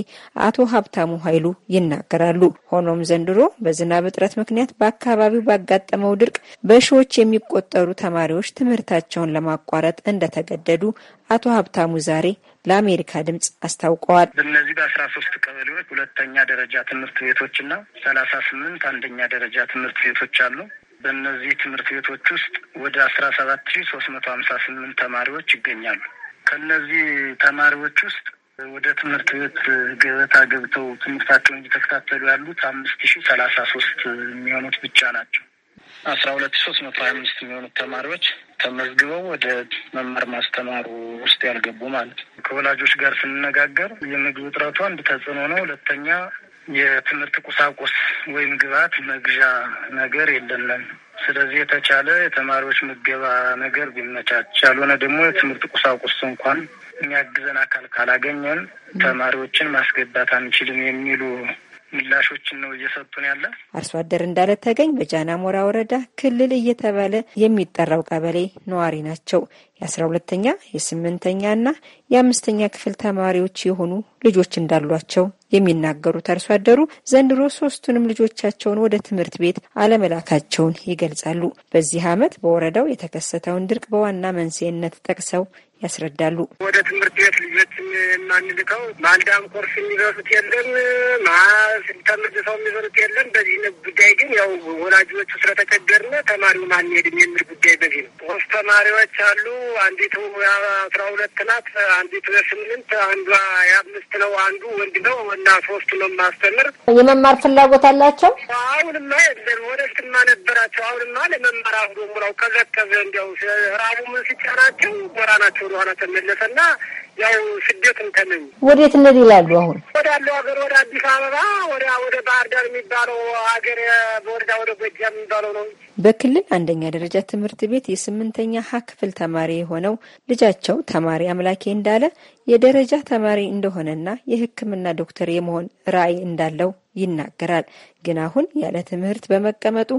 አቶ ሀብታሙ ኃይሉ ይናገራሉ። ሆኖም ዘንድሮ በዝናብ እጥረት ምክንያት በአካባቢው ባጋጠመው ድርቅ በሺዎች የሚቆጠሩ ተማሪዎች ትምህርታቸውን ለማቋረጥ እንደተገደዱ አቶ ሀብታሙ ዛሬ ለአሜሪካ ድምጽ አስታውቀዋል። በእነዚህ በአስራ ሶስት ቀበሌዎች ሁለተኛ ደረጃ ትምህርት ቤቶችና ሰላሳ ስምንት አንደኛ ደረጃ ትምህርት ቤቶች አሉ። በእነዚህ ትምህርት ቤቶች ውስጥ ወደ አስራ ሰባት ሺ ሶስት መቶ ሀምሳ ስምንት ተማሪዎች ይገኛሉ። ከእነዚህ ተማሪዎች ውስጥ ወደ ትምህርት ቤት ገበታ ገብተው ትምህርታቸውን እየተከታተሉ ያሉት አምስት ሺ ሰላሳ ሶስት የሚሆኑት ብቻ ናቸው። አስራ ሁለት ሶስት መቶ ሀያ አምስት የሚሆኑት ተማሪዎች ተመዝግበው ወደ መማር ማስተማሩ ውስጥ ያልገቡ ማለት ነው። ከወላጆች ጋር ስንነጋገር የምግብ እጥረቱ አንድ ተጽዕኖ ነው። ሁለተኛ የትምህርት ቁሳቁስ ወይም ግብዓት መግዣ ነገር የለንም። ስለዚህ የተቻለ የተማሪዎች ምገባ ነገር ቢመቻች፣ ያልሆነ ደግሞ የትምህርት ቁሳቁስ እንኳን የሚያግዘን አካል ካላገኘን ተማሪዎችን ማስገባት አንችልም የሚሉ ምላሾችን ነው እየሰጡን ያለ። አርሶ አደር እንዳለ ተገኝ በጃናሞራ ወረዳ ክልል እየተባለ የሚጠራው ቀበሌ ነዋሪ ናቸው። የአስራ ሁለተኛ የስምንተኛ እና የአምስተኛ ክፍል ተማሪዎች የሆኑ ልጆች እንዳሏቸው የሚናገሩት አርሶ አደሩ ዘንድሮ ሶስቱንም ልጆቻቸውን ወደ ትምህርት ቤት አለመላካቸውን ይገልጻሉ። በዚህ ዓመት በወረዳው የተከሰተውን ድርቅ በዋና መንስኤነት ጠቅሰው ያስረዳሉ። ወደ ትምህርት ቤት ልጆችን የማንልከው ማልዳም ቁርስ የሚበሉት የለም፣ ተምርት ሰው የሚበሉት የለም። በዚህ ጉዳይ ግን ያው ወላጆቹ ስለተቸገርን ተማሪው ማን ሄድም የሚል ጉዳይ በዚህ ነው። ሶስት ተማሪዎች አሉ። አንዲቱ አስራ ሁለት ናት፣ አንዲቱ የስምንት አንዷ የአምስት ነው። አንዱ ወንድ ነው፣ እና ሶስት ነው የማስተምር። የመማር ፍላጎት አላቸው። አሁንማ የለም፣ ወደፊትማ ነበራቸው። አሁንማ ለመማር አሁዶ ምራው ቀዘቀዘ። እንዲያው ራቡ ምን ሲጫናቸው ጎራ ናቸው ተመለሰ ተመለሰና ያው ስደት ተመኝ ወዴት እነዚህ ይላሉ። አሁን ወዳለው ሀገር ወደ አዲስ አበባ ወደ ወደ ባህር ዳር የሚባለው ሀገር ወደ ወደ ጎጃ የሚባለው ነው። በክልል አንደኛ ደረጃ ትምህርት ቤት የስምንተኛ ሀ ክፍል ተማሪ የሆነው ልጃቸው ተማሪ አምላኬ እንዳለ የደረጃ ተማሪ እንደሆነና የሕክምና ዶክተር የመሆን ራዕይ እንዳለው ይናገራል። ግን አሁን ያለ ትምህርት በመቀመጡ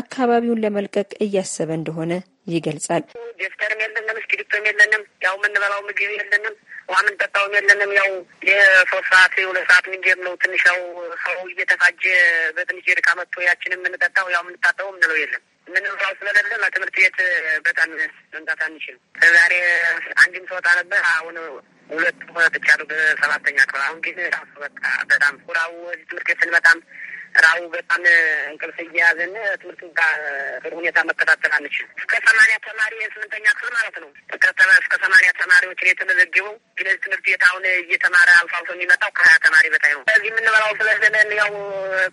አካባቢውን ለመልቀቅ እያሰበ እንደሆነ ይገልጻል። ደፍተርም የለንም፣ እስክሪብቶም የለንም፣ ያው የምንበላው ምግብ የለንም፣ ውሃ የምንጠጣውም የለንም። ያው የሶስት ሰዓት የሁለት ሰዓት ምንጀም ነው። ትንሽ ያው ሰው እየተፋጀ በትንሽ ርቃ መጥቶ ያችን የምንጠጣው ያው የምንታጠው የምንለው የለም። የምንባው ስለሌለ ለትምህርት ቤት በጣም መምጣት አንችልም። ከዛሬ አንድም ሰወጣ ነበር አሁን ሁለቱ ሁለት ያሉ በሰባተኛ ክፍል አሁን ግን ራሱ በቃ በጣም ቁራው ትምህርት ቤት በጣም ራቡ በጣም እንቅልፍ እየያዘን ትምህርት ጥሩ ሁኔታ መከታተል አንችል። እስከ ሰማንያ ተማሪ የስምንተኛ ክፍል ማለት ነው ተከተለ እስከ ሰማንያ ተማሪዎችን የተመዘገበው ግን ትምህርት ቤት አሁን እየተማረ አልፎ አልፎ የሚመጣው ከሀያ ተማሪ በታይ ነው። ስለዚህ የምንበላው ስለዘነን ያው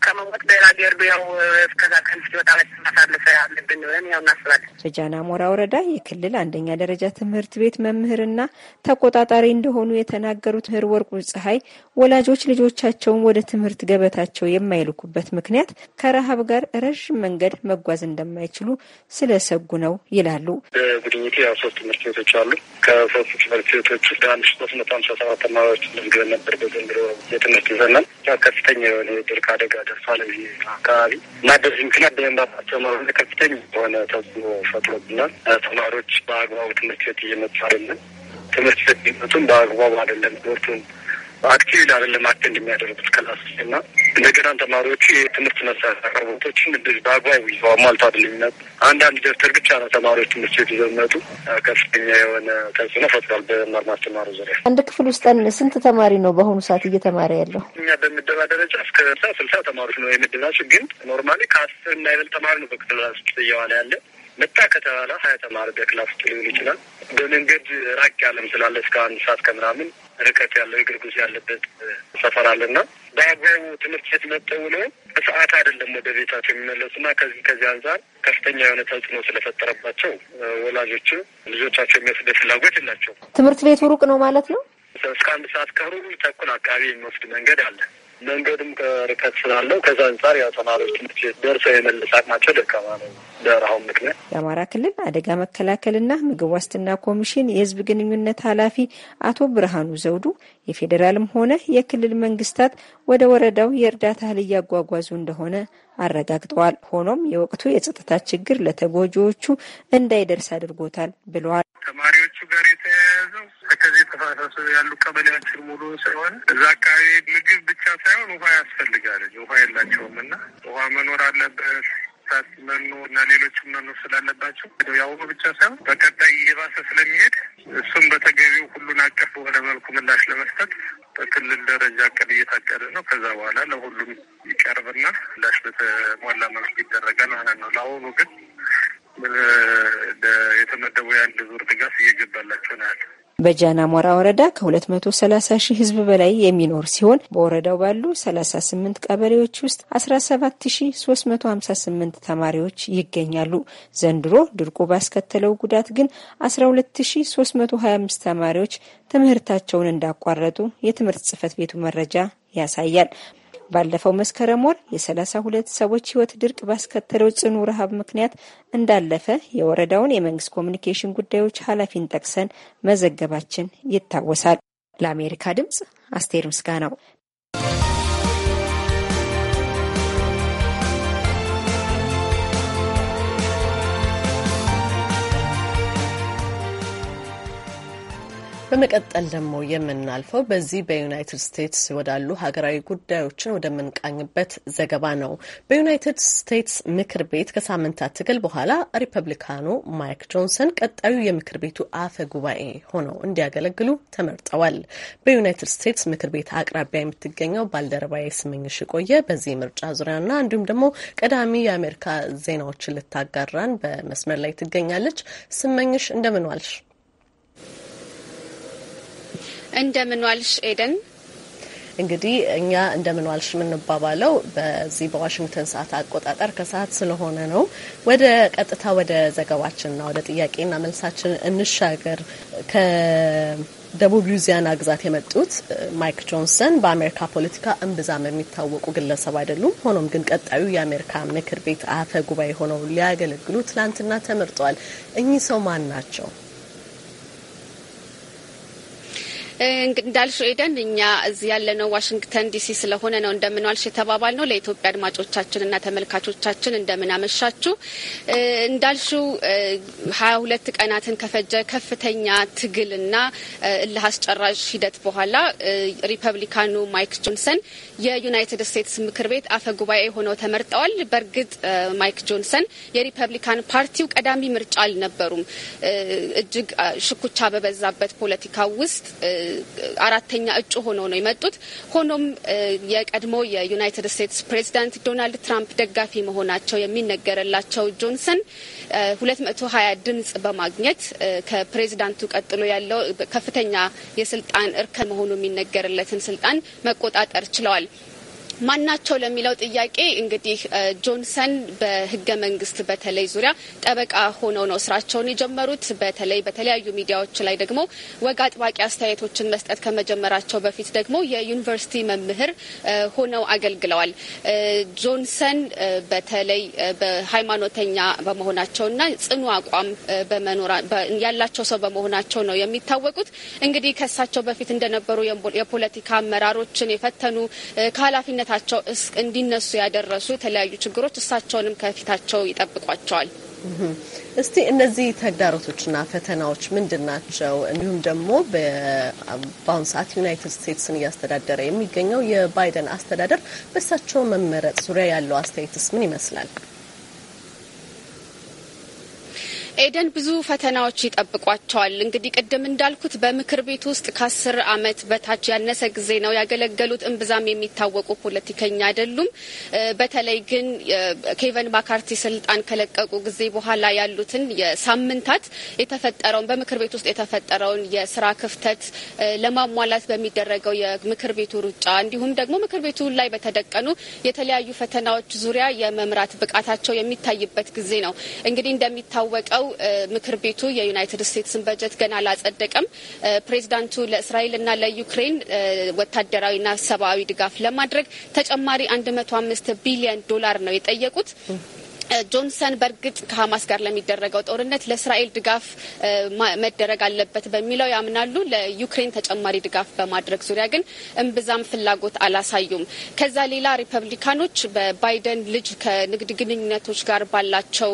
ከመሞት በላ ገርዱ ያው እስከዛ ከን ሲወጣ ማሳለፈ አለብን ብለን ያው እናስባለን። በጃና ሞራ ወረዳ የክልል አንደኛ ደረጃ ትምህርት ቤት መምህርና ተቆጣጣሪ እንደሆኑ የተናገሩት ምህር ወርቁ ፀሐይ ወላጆች ልጆቻቸውን ወደ ትምህርት ገበታቸው የማይልኩበት ምክንያት ከረሃብ ጋር ረዥም መንገድ መጓዝ እንደማይችሉ ስለሰጉ ነው ይላሉ። በጉድኝቴ ያው ሶስት ትምህርት ቤቶች አሉ። ከሶስት ትምህርት ቤቶች ውስጥ አንድ ሺ ሶስት መቶ ሀምሳ ሰባት ተማሪዎች መዝገብ ነበር። በዘንድሮ የትምህርት ዘመን ከፍተኛ የሆነ የድርቅ አደጋ ደርሷል አካባቢ እና በዚህ ምክንያት በመንባታቸው መሆን ከፍተኛ የሆነ ተጽዕኖ ፈጥሮብናል። ተማሪዎች በአግባቡ ትምህርት ቤት እየመጡ አይደለም። ትምህርት ቤት ቢመጡም በአግባቡ አይደለም ትምህርቱን አክቲቭ አይደለም አቴንድ እንደሚያደርጉት ክላስ እና እንደገና ተማሪዎቹ የትምህርት መሳሪያ አቅርቦቶችን በአግባቡ ይዘው አሟልተው አይደለም የሚመጡ። አንዳንድ ደብተር ብቻ ነው ተማሪዎች ትምህርት ቤት ይዘው የሚመጡ። ከፍተኛ የሆነ ተጽዕኖ ፈጥሯል በመማር ማስተማሩ ዙሪያ። አንድ ክፍል ውስጥ ስንት ተማሪ ነው በአሁኑ ሰዓት እየተማረ ያለው? እኛ በምደባ ደረጃ እስከ ስልሳ ተማሪዎች ነው የምደባቸው። ግን ኖርማሊ ከአስር እና ይበልጥ ተማሪ ነው በክፍል ውስጥ እየዋለ ያለ መታ ከተባለ ሀያ ተማሪ በክላስ ውስጥ ሊሆን ይችላል። በመንገድ ራቅ ያለም ስላለ እስከ አንድ ሰዓት ከምናምን ርቀት ያለው እግር ጉዞ ያለበት ሰፈር አለና በአግባቡ ትምህርት ቤት መጠው ነው በሰዓት አይደለም ወደ ቤታቸው የሚመለሱና ከዚህ ከዚህ አንጻር ከፍተኛ የሆነ ተጽዕኖ ስለፈጠረባቸው ወላጆች ልጆቻቸው የሚወስደ ፍላጎት የላቸው። ትምህርት ቤቱ ሩቅ ነው ማለት ነው። እስከ አንድ ሰዓት ከሩብ ተኩል አካባቢ የሚወስድ መንገድ አለ። መንገድም ከርከት ስላለው ከዛ አንጻር ያው ተማሪዎች ትምህርት ደርሰው የመለስ አቅማቸው ደካማ ነው። የአማራ ክልል አደጋ መከላከልና ምግብ ዋስትና ኮሚሽን የህዝብ ግንኙነት ኃላፊ አቶ ብርሃኑ ዘውዱ የፌዴራልም ሆነ የክልል መንግስታት ወደ ወረዳው የእርዳታ እህል እያጓጓዙ እንደሆነ አረጋግጠዋል። ሆኖም የወቅቱ የጸጥታ ችግር ለተጎጂዎቹ እንዳይደርስ አድርጎታል ብለዋል። ተማሪዎቹ ጋር የተያያዘው ከዚህ ተፋሰሱ ያሉ ቀበሌዎችን ሙሉ ሲሆን እዛ አካባቢ ምግብ ብቻ ሳይሆን ውሃ ያስፈልጋል። ውሃ የላቸውም እና ውሃ መኖር አለበት። ማንሳት መኖ እና ሌሎችም መኖ ስላለባቸው የአሁኑ ብቻ ሳይሆን በቀጣይ እየባሰ ስለሚሄድ እሱም በተገቢው ሁሉን አቀፍ በሆነ መልኩ ምላሽ ለመስጠት በክልል ደረጃ እቅድ እየታቀደ ነው። ከዛ በኋላ ለሁሉም ይቀርብና ምላሽ በተሟላ መልኩ ይደረጋል ማለት ነው። ለአሁኑ ግን የተመደቡ የአንድ ዙር ድጋፍ እየገባላቸው ነው ያለ በጃናሞራ ወረዳ ከ230 ሺህ ህዝብ በላይ የሚኖር ሲሆን በወረዳው ባሉ 38 ቀበሌዎች ውስጥ 17358 ተማሪዎች ይገኛሉ። ዘንድሮ ድርቁ ባስከተለው ጉዳት ግን 12325 ተማሪዎች ትምህርታቸውን እንዳቋረጡ የትምህርት ጽህፈት ቤቱ መረጃ ያሳያል። ባለፈው መስከረም ወር የ32 ሰዎች ህይወት ድርቅ ባስከተለው ጽኑ ረሃብ ምክንያት እንዳለፈ የወረዳውን የመንግስት ኮሚኒኬሽን ጉዳዮች ኃላፊን ጠቅሰን መዘገባችን ይታወሳል። ለአሜሪካ ድምጽ አስቴር ነው። በመቀጠል ደግሞ የምናልፈው በዚህ በዩናይትድ ስቴትስ ወዳሉ ሀገራዊ ጉዳዮችን ወደምንቃኝበት ዘገባ ነው። በዩናይትድ ስቴትስ ምክር ቤት ከሳምንታት ትግል በኋላ ሪፐብሊካኑ ማይክ ጆንሰን ቀጣዩ የምክር ቤቱ አፈ ጉባኤ ሆነው እንዲያገለግሉ ተመርጠዋል። በዩናይትድ ስቴትስ ምክር ቤት አቅራቢያ የምትገኘው ባልደረባዬ ስመኝሽ ቆየ በዚህ ምርጫ ዙሪያና እንዲሁም ደግሞ ቀዳሚ የአሜሪካ ዜናዎችን ልታጋራን በመስመር ላይ ትገኛለች። ስመኝሽ እንደምን ዋልሽ? እንደምን ዋልሽ ኤደን። እንግዲህ እኛ እንደምን ዋልሽ የምንባባለው በዚህ በዋሽንግተን ሰዓት አቆጣጠር ከሰዓት ስለሆነ ነው። ወደ ቀጥታ ወደ ዘገባችንና ወደ ጥያቄና መልሳችን እንሻገር። ከደቡብ ሉዚያና ግዛት የመጡት ማይክ ጆንሰን በአሜሪካ ፖለቲካ እምብዛም የሚታወቁ ግለሰብ አይደሉም። ሆኖም ግን ቀጣዩ የአሜሪካ ምክር ቤት አፈ ጉባኤ ሆነው ሊያገለግሉ ትላንትና ተመርጠዋል። እኚህ ሰው ማን ናቸው? እንዳልሽ ኤደን፣ እኛ እዚህ ያለነው ዋሽንግተን ዲሲ ስለሆነ ነው እንደምንዋልሽ የተባባል ነው። ለኢትዮጵያ አድማጮቻችንና ተመልካቾቻችን እንደምናመሻችሁ። እንዳልሽው ሀያ ሁለት ቀናትን ከፈጀ ከፍተኛ ትግልና እልህ አስጨራሽ ሂደት በኋላ ሪፐብሊካኑ ማይክ ጆንሰን የዩናይትድ ስቴትስ ምክር ቤት አፈ ጉባኤ ሆነው ተመርጠዋል። በእርግጥ ማይክ ጆንሰን የሪፐብሊካን ፓርቲው ቀዳሚ ምርጫ አልነበሩም። እጅግ ሽኩቻ በበዛበት ፖለቲካ ውስጥ አራተኛ እጩ ሆነው ነው የመጡት። ሆኖም የቀድሞ የዩናይትድ ስቴትስ ፕሬዚዳንት ዶናልድ ትራምፕ ደጋፊ መሆናቸው የሚነገርላቸው ጆንሰን 220 ድምጽ በማግኘት ከፕሬዚዳንቱ ቀጥሎ ያለው ከፍተኛ የስልጣን እርከን መሆኑ የሚነገርለትን ስልጣን መቆጣጠር ችለዋል። ማናቸው ለሚለው ጥያቄ እንግዲህ ጆንሰን በህገ መንግስት በተለይ ዙሪያ ጠበቃ ሆነው ነው ስራቸውን የጀመሩት። በተለይ በተለያዩ ሚዲያዎች ላይ ደግሞ ወግ አጥባቂ አስተያየቶችን መስጠት ከመጀመራቸው በፊት ደግሞ የዩኒቨርሲቲ መምህር ሆነው አገልግለዋል። ጆንሰን በተለይ በሃይማኖተኛ በመሆናቸውና ጽኑ አቋም ያላቸው ሰው በመሆናቸው ነው የሚታወቁት። እንግዲህ ከሳቸው በፊት እንደነበሩ የፖለቲካ አመራሮችን የፈተኑ ከኃላፊነት ከመቅረታቸው እንዲነሱ ያደረሱ የተለያዩ ችግሮች እሳቸውንም ከፊታቸው ይጠብቋቸዋል። እስቲ እነዚህ ተግዳሮቶችና ፈተናዎች ምንድን ናቸው? እንዲሁም ደግሞ በአሁኑ ሰዓት ዩናይትድ ስቴትስን እያስተዳደረ የሚገኘው የባይደን አስተዳደር በእሳቸው መመረጥ ዙሪያ ያለው አስተያየትስ ምን ይመስላል? ኤደን ብዙ ፈተናዎች ይጠብቋቸዋል። እንግዲህ ቅድም እንዳልኩት በምክር ቤት ውስጥ ከአስር አመት በታች ያነሰ ጊዜ ነው ያገለገሉት። እምብዛም የሚታወቁ ፖለቲከኛ አይደሉም። በተለይ ግን ኬቨን ማካርቲ ስልጣን ከለቀቁ ጊዜ በኋላ ያሉትን የሳምንታት የተፈጠረውን በምክር ቤት ውስጥ የተፈጠረውን የስራ ክፍተት ለማሟላት በሚደረገው የምክር ቤቱ ሩጫ እንዲሁም ደግሞ ምክር ቤቱ ላይ በተደቀኑ የተለያዩ ፈተናዎች ዙሪያ የመምራት ብቃታቸው የሚታይበት ጊዜ ነው። እንግዲህ እንደሚታወቀው ያው ምክር ቤቱ የዩናይትድ ስቴትስን በጀት ገና አላጸደቀም። ፕሬዚዳንቱ ለእስራኤልና ለዩክሬን ወታደራዊና ሰብአዊ ድጋፍ ለማድረግ ተጨማሪ 105 ቢሊዮን ዶላር ነው የጠየቁት። ጆንሰን በእርግጥ ከሀማስ ጋር ለሚደረገው ጦርነት ለእስራኤል ድጋፍ መደረግ አለበት በሚለው ያምናሉ። ለዩክሬን ተጨማሪ ድጋፍ በማድረግ ዙሪያ ግን እምብዛም ፍላጎት አላሳዩም። ከዛ ሌላ ሪፐብሊካኖች በባይደን ልጅ ከንግድ ግንኙነቶች ጋር ባላቸው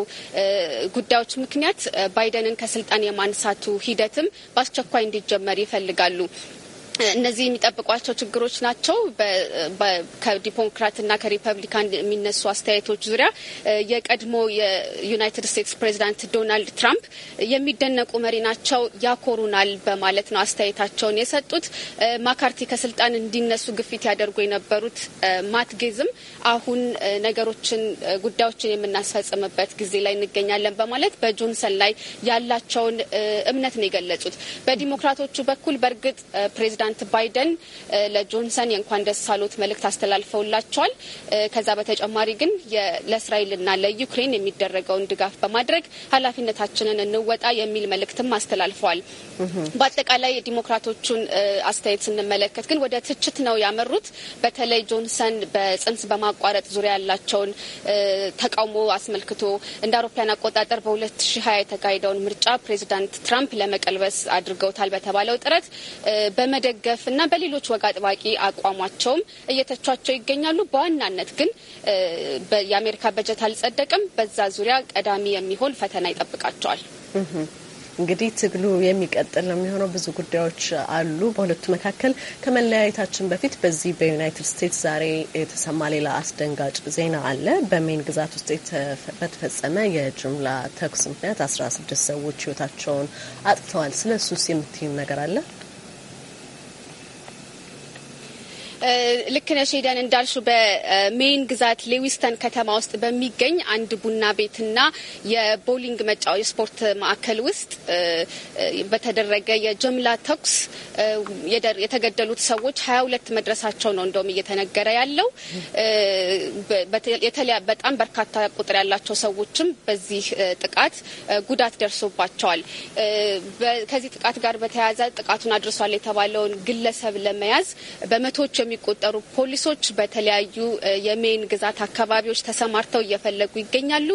ጉዳዮች ምክንያት ባይደንን ከስልጣን የማንሳቱ ሂደትም በአስቸኳይ እንዲጀመር ይፈልጋሉ። እነዚህ የሚጠብቋቸው ችግሮች ናቸው። ከዲሞክራትና ከሪፐብሊካን የሚነሱ አስተያየቶች ዙሪያ የቀድሞ የዩናይትድ ስቴትስ ፕሬዚዳንት ዶናልድ ትራምፕ የሚደነቁ መሪ ናቸው፣ ያኮሩናል በማለት ነው አስተያየታቸውን የሰጡት። ማካርቲ ከስልጣን እንዲነሱ ግፊት ያደርጉ የነበሩት ማትጌዝም አሁን ነገሮችን፣ ጉዳዮችን የምናስፈጽምበት ጊዜ ላይ እንገኛለን በማለት በጆንሰን ላይ ያላቸውን እምነት ነው የገለጹት። በዲሞክራቶቹ በኩል በእርግጥ ፕሬዚዳንት ፕሬዚዳንት ባይደን ለጆንሰን የእንኳን ደስ አሎት መልእክት አስተላልፈውላቸዋል። ከዛ በተጨማሪ ግን ለእስራኤልና ለዩክሬን የሚደረገውን ድጋፍ በማድረግ ኃላፊነታችንን እንወጣ የሚል መልእክትም አስተላልፈዋል። በአጠቃላይ የዲሞክራቶቹን አስተያየት ስንመለከት ግን ወደ ትችት ነው ያመሩት። በተለይ ጆንሰን በጽንስ በማቋረጥ ዙሪያ ያላቸውን ተቃውሞ አስመልክቶ እንደ አውሮፓውያን አቆጣጠር በ2020 የተካሄደውን ምርጫ ፕሬዚዳንት ትራምፕ ለመቀልበስ አድርገውታል በተባለው ጥረት በመደገ በመደገፍ እና በሌሎች ወግ አጥባቂ አቋሟቸውም እየተቿቸው ይገኛሉ። በዋናነት ግን የአሜሪካ በጀት አልጸደቅም። በዛ ዙሪያ ቀዳሚ የሚሆን ፈተና ይጠብቃቸዋል። እንግዲህ ትግሉ የሚቀጥል ነው የሚሆነው። ብዙ ጉዳዮች አሉ በሁለቱ መካከል። ከመለያየታችን በፊት በዚህ በዩናይትድ ስቴትስ ዛሬ የተሰማ ሌላ አስደንጋጭ ዜና አለ። በሜን ግዛት ውስጥ በተፈጸመ የጅምላ ተኩስ ምክንያት አስራ ስድስት ሰዎች ህይወታቸውን አጥተዋል። ስለ እሱስ የምትዩን ነገር አለ? ልክ ነሽ ሄደን እንዳልሹ በሜይን ግዛት ሌዊስተን ከተማ ውስጥ በሚገኝ አንድ ቡና ቤትና የቦሊንግ መጫወቻ የስፖርት ማዕከል ውስጥ በተደረገ የጀምላ ተኩስ የተገደሉት ሰዎች ሀያ ሁለት መድረሳቸው ነው እንደውም እየተነገረ ያለው። በጣም በርካታ ቁጥር ያላቸው ሰዎችም በዚህ ጥቃት ጉዳት ደርሶባቸዋል። ከዚህ ጥቃት ጋር በተያያዘ ጥቃቱን አድርሷል የተባለውን ግለሰብ ለመያዝ በመቶዎች የሚቆጠሩ ፖሊሶች በተለያዩ የሜን ግዛት አካባቢዎች ተሰማርተው እየፈለጉ ይገኛሉ።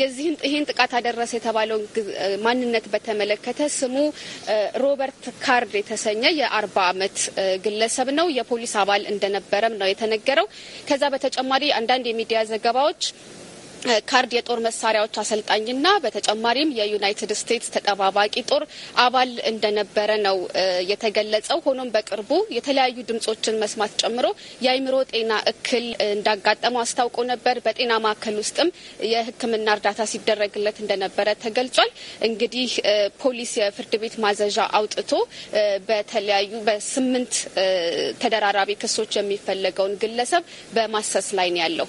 የዚህን ይህን ጥቃት አደረሰ የተባለውን ማንነት በተመለከተ ስሙ ሮበርት ካርድ የተሰኘ የአርባ አመት ግለሰብ ነው። የፖሊስ አባል እንደነበረም ነው የተነገረው። ከዛ በተጨማሪ አንዳንድ የሚዲያ ዘገባዎች ካርድ የጦር መሳሪያዎች አሰልጣኝና በተጨማሪም የዩናይትድ ስቴትስ ተጠባባቂ ጦር አባል እንደነበረ ነው የተገለጸው። ሆኖም በቅርቡ የተለያዩ ድምጾችን መስማት ጨምሮ የአይምሮ ጤና እክል እንዳጋጠመው አስታውቆ ነበር። በጤና ማዕከል ውስጥም የሕክምና እርዳታ ሲደረግለት እንደነበረ ተገልጿል። እንግዲህ ፖሊስ የፍርድ ቤት ማዘዣ አውጥቶ በተለያዩ በስምንት ተደራራቢ ክሶች የሚፈለገውን ግለሰብ በማሰስ ላይ ነው ያለው።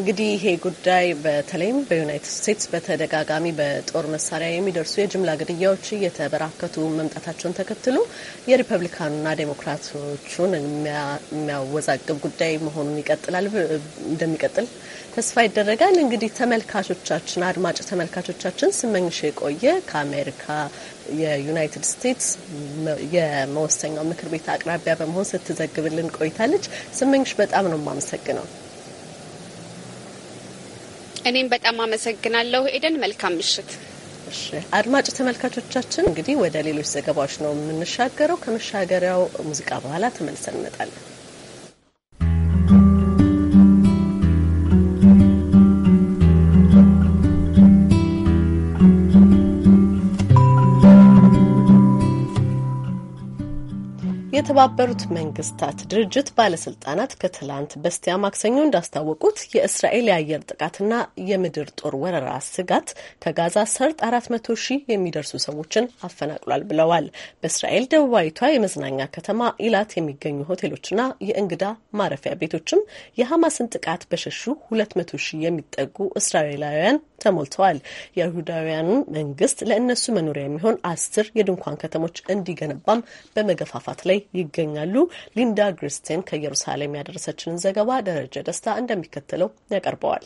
እንግዲህ ይሄ ጉዳይ በተለይም በዩናይትድ ስቴትስ በተደጋጋሚ በጦር መሳሪያ የሚደርሱ የጅምላ ግድያዎች እየተበራከቱ መምጣታቸውን ተከትሎ የሪፐብሊካኑና ዴሞክራቶቹን የሚያወዛግብ ጉዳይ መሆኑን ይቀጥላል እንደሚቀጥል ተስፋ ይደረጋል። እንግዲህ ተመልካቾቻችን፣ አድማጭ ተመልካቾቻችን ስመኝሽ የቆየ ከአሜሪካ የዩናይትድ ስቴትስ የመወሰኛው ምክር ቤት አቅራቢያ በመሆን ስትዘግብልን ቆይታለች። ስመኝሽ በጣም ነው የማመሰግነው። እኔም በጣም አመሰግናለሁ ኤደን። መልካም ምሽት። አድማጭ ተመልካቾቻችን እንግዲህ ወደ ሌሎች ዘገባዎች ነው የምንሻገረው። ከመሻገሪያው ሙዚቃ በኋላ ተመልሰን እንመጣለን። የተባበሩት መንግስታት ድርጅት ባለስልጣናት ከትላንት በስቲያ ማክሰኞ እንዳስታወቁት የእስራኤል የአየር ጥቃትና የምድር ጦር ወረራ ስጋት ከጋዛ ሰርጥ አራት መቶ ሺህ የሚደርሱ ሰዎችን አፈናቅሏል ብለዋል። በእስራኤል ደቡባዊቷ የመዝናኛ ከተማ ኢላት የሚገኙ ሆቴሎችና የእንግዳ ማረፊያ ቤቶችም የሐማስን ጥቃት በሸሹ ሁለት መቶ ሺህ የሚጠጉ እስራኤላውያን ተሞልተዋል። የአይሁዳውያኑ መንግስት ለእነሱ መኖሪያ የሚሆን አስር የድንኳን ከተሞች እንዲገነባም በመገፋፋት ላይ ይገኛሉ። ሊንዳ ግሪስቲን ከኢየሩሳሌም ያደረሰችንን ዘገባ ደረጀ ደስታ እንደሚከተለው ያቀርበዋል።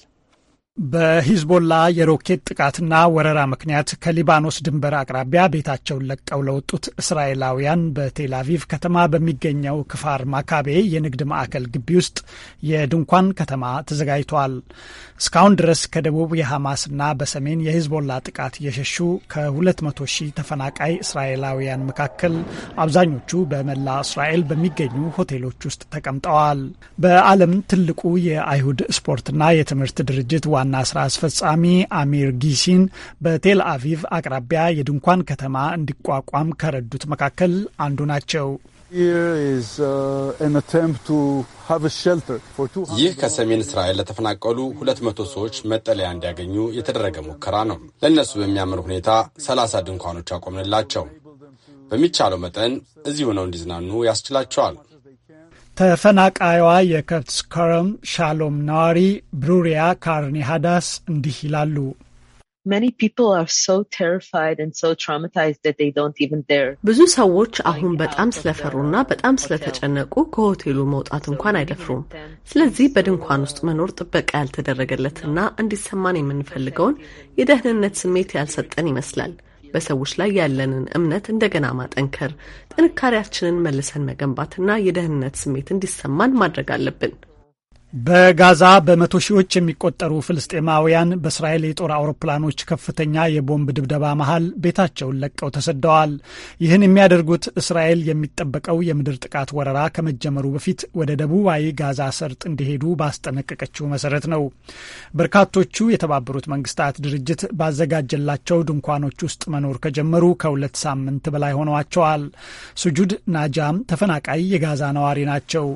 በሂዝቦላ የሮኬት ጥቃትና ወረራ ምክንያት ከሊባኖስ ድንበር አቅራቢያ ቤታቸውን ለቀው ለወጡት እስራኤላውያን በቴል አቪቭ ከተማ በሚገኘው ክፋር ማካቤ የንግድ ማዕከል ግቢ ውስጥ የድንኳን ከተማ ተዘጋጅተዋል። እስካሁን ድረስ ከደቡብ የሐማስና በሰሜን የሂዝቦላ ጥቃት የሸሹ ከ200 ሺህ ተፈናቃይ እስራኤላውያን መካከል አብዛኞቹ በመላ እስራኤል በሚገኙ ሆቴሎች ውስጥ ተቀምጠዋል። በዓለም ትልቁ የአይሁድ ስፖርትና የትምህርት ድርጅት ዋ ዋና ስራ አስፈጻሚ አሚር ጊሲን በቴል አቪቭ አቅራቢያ የድንኳን ከተማ እንዲቋቋም ከረዱት መካከል አንዱ ናቸው። ይህ ከሰሜን እስራኤል ለተፈናቀሉ ሁለት መቶ ሰዎች መጠለያ እንዲያገኙ የተደረገ ሙከራ ነው። ለእነሱ በሚያምር ሁኔታ ሰላሳ ድንኳኖች አቆምንላቸው። በሚቻለው መጠን እዚሁ ነው እንዲዝናኑ ያስችላቸዋል። ተፈናቃይዋ ስከረም ሻሎም ነዋሪ ብሩሪያ ካርኒ ሃዳስ እንዲህ ይላሉ። ብዙ ሰዎች አሁን በጣም ስለፈሩና በጣም ስለተጨነቁ ከሆቴሉ መውጣት እንኳን አይደፍሩም። ስለዚህ በድንኳን ውስጥ መኖር ጥበቃ ያልተደረገለትና እንዲሰማን የምንፈልገውን የደህንነት ስሜት ያልሰጠን ይመስላል። በሰዎች ላይ ያለንን እምነት እንደገና ማጠንከር፣ ጥንካሬያችንን መልሰን መገንባትና የደህንነት ስሜት እንዲሰማን ማድረግ አለብን። በጋዛ በመቶ ሺዎች የሚቆጠሩ ፍልስጤማውያን በእስራኤል የጦር አውሮፕላኖች ከፍተኛ የቦምብ ድብደባ መሃል ቤታቸውን ለቀው ተሰደዋል። ይህን የሚያደርጉት እስራኤል የሚጠበቀው የምድር ጥቃት ወረራ ከመጀመሩ በፊት ወደ ደቡባዊ ጋዛ ሰርጥ እንዲሄዱ ባስጠነቀቀችው መሰረት ነው። በርካቶቹ የተባበሩት መንግስታት ድርጅት ባዘጋጀላቸው ድንኳኖች ውስጥ መኖር ከጀመሩ ከሁለት ሳምንት በላይ ሆነዋቸዋል። ሱጁድ ናጃም ተፈናቃይ የጋዛ ነዋሪ ናቸው።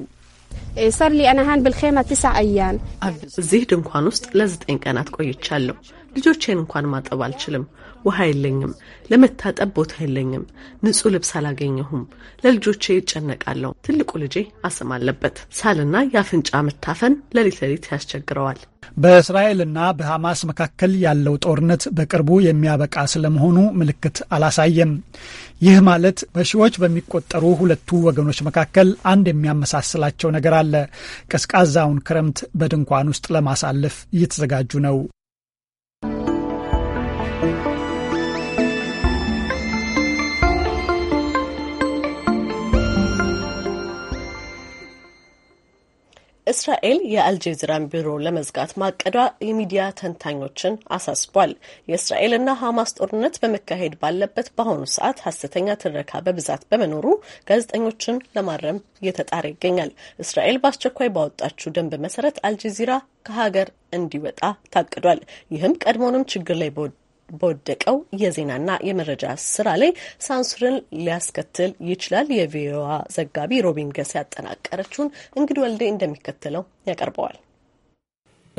እዚህ eh, ድንኳን ውስጥ ለዘጠኝ ቀናት ቆይቻለሁ። ልጆቼን እንኳን ማጠብ አልችልም። ውሃ የለኝም፣ ለመታጠብ ቦታ የለኝም፣ ንጹህ ልብስ አላገኘሁም፣ ለልጆቼ ይጨነቃለሁ። ትልቁ ልጄ አስም አለበት። ሳልና የአፍንጫ መታፈን ለሊት ለሊት ያስቸግረዋል። በእስራኤልና በሐማስ መካከል ያለው ጦርነት በቅርቡ የሚያበቃ ስለመሆኑ ምልክት አላሳየም። ይህ ማለት በሺዎች በሚቆጠሩ ሁለቱ ወገኖች መካከል አንድ የሚያመሳስላቸው ነገር አለ። ቀዝቃዛውን ክረምት በድንኳን ውስጥ ለማሳለፍ እየተዘጋጁ ነው። እስራኤል የአልጄዚራን ቢሮ ለመዝጋት ማቀዷ የሚዲያ ተንታኞችን አሳስቧል። የእስራኤልና ሐማስ ጦርነት በመካሄድ ባለበት በአሁኑ ሰዓት ሀሰተኛ ትረካ በብዛት በመኖሩ ጋዜጠኞችን ለማረም እየተጣረ ይገኛል። እስራኤል በአስቸኳይ ባወጣችው ደንብ መሰረት አልጄዚራ ከሀገር እንዲወጣ ታቅዷል። ይህም ቀድሞንም ችግር ላይ በወደቀው የዜናና የመረጃ ስራ ላይ ሳንሱርን ሊያስከትል ይችላል። የቪኦኤ ዘጋቢ ሮቢን ገስ ያጠናቀረችውን እንግዲህ ወልዴ እንደሚከተለው ያቀርበዋል።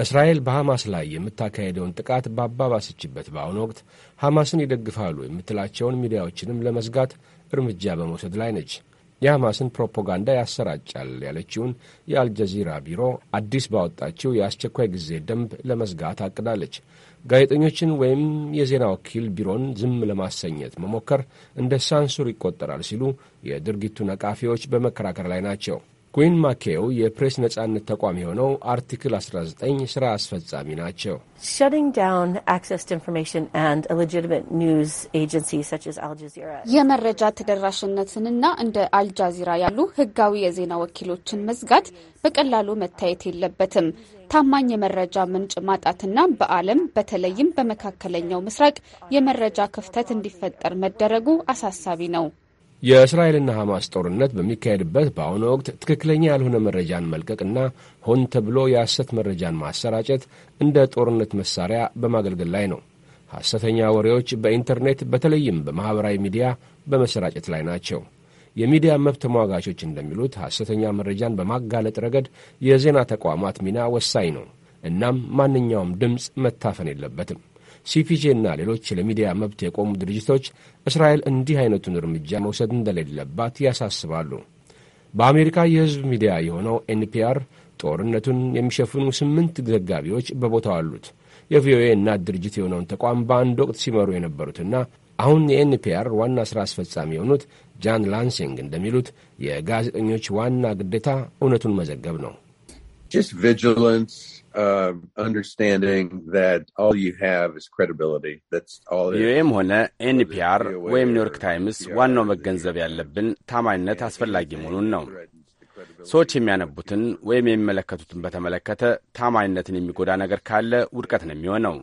እስራኤል በሐማስ ላይ የምታካሄደውን ጥቃት በአባባሰችበት በአሁኑ ወቅት ሐማስን ይደግፋሉ የምትላቸውን ሚዲያዎችንም ለመዝጋት እርምጃ በመውሰድ ላይ ነች። የሐማስን ፕሮፓጋንዳ ያሰራጫል ያለችውን የአልጀዚራ ቢሮ አዲስ ባወጣችው የአስቸኳይ ጊዜ ደንብ ለመዝጋት አቅዳለች። ጋዜጠኞችን ወይም የዜና ወኪል ቢሮን ዝም ለማሰኘት መሞከር እንደ ሳንሱር ይቆጠራል ሲሉ የድርጊቱ ነቃፊዎች በመከራከር ላይ ናቸው። ኩዊን ማኬው የፕሬስ ነጻነት ተቋም የሆነው አርቲክል 19 ስራ አስፈጻሚ ናቸው። የመረጃ ተደራሽነትንና እንደ አልጃዚራ ያሉ ህጋዊ የዜና ወኪሎችን መዝጋት በቀላሉ መታየት የለበትም። ታማኝ የመረጃ ምንጭ ማጣትና በዓለም በተለይም በመካከለኛው ምስራቅ የመረጃ ክፍተት እንዲፈጠር መደረጉ አሳሳቢ ነው። የእስራኤልና ሐማስ ጦርነት በሚካሄድበት በአሁኑ ወቅት ትክክለኛ ያልሆነ መረጃን መልቀቅና ሆን ተብሎ የሐሰት መረጃን ማሰራጨት እንደ ጦርነት መሳሪያ በማገልገል ላይ ነው። ሐሰተኛ ወሬዎች በኢንተርኔት በተለይም በማኅበራዊ ሚዲያ በመሰራጨት ላይ ናቸው። የሚዲያ መብት ተሟጋቾች እንደሚሉት ሐሰተኛ መረጃን በማጋለጥ ረገድ የዜና ተቋማት ሚና ወሳኝ ነው። እናም ማንኛውም ድምፅ መታፈን የለበትም። ሲፒጄ እና ሌሎች ለሚዲያ መብት የቆሙ ድርጅቶች እስራኤል እንዲህ አይነቱን እርምጃ መውሰድ እንደሌለባት ያሳስባሉ። በአሜሪካ የሕዝብ ሚዲያ የሆነው ኤንፒአር ጦርነቱን የሚሸፍኑ ስምንት ዘጋቢዎች በቦታው አሉት። የቪኦኤ እናት ድርጅት የሆነውን ተቋም በአንድ ወቅት ሲመሩ የነበሩትና አሁን የኤንፒአር ዋና ሥራ አስፈጻሚ የሆኑት ጃን ላንሲንግ እንደሚሉት የጋዜጠኞች ዋና ግዴታ እውነቱን መዘገብ ነው። ቪኦኤም ሆነ ኤንፒአር ወይም ኒውዮርክ ታይምስ ዋናው መገንዘብ ያለብን ታማኝነት አስፈላጊ መሆኑን ነው። ሰዎች የሚያነቡትን ወይም የሚመለከቱትን በተመለከተ ታማኝነትን የሚጎዳ ነገር ካለ ውድቀት ነው የሚሆነው።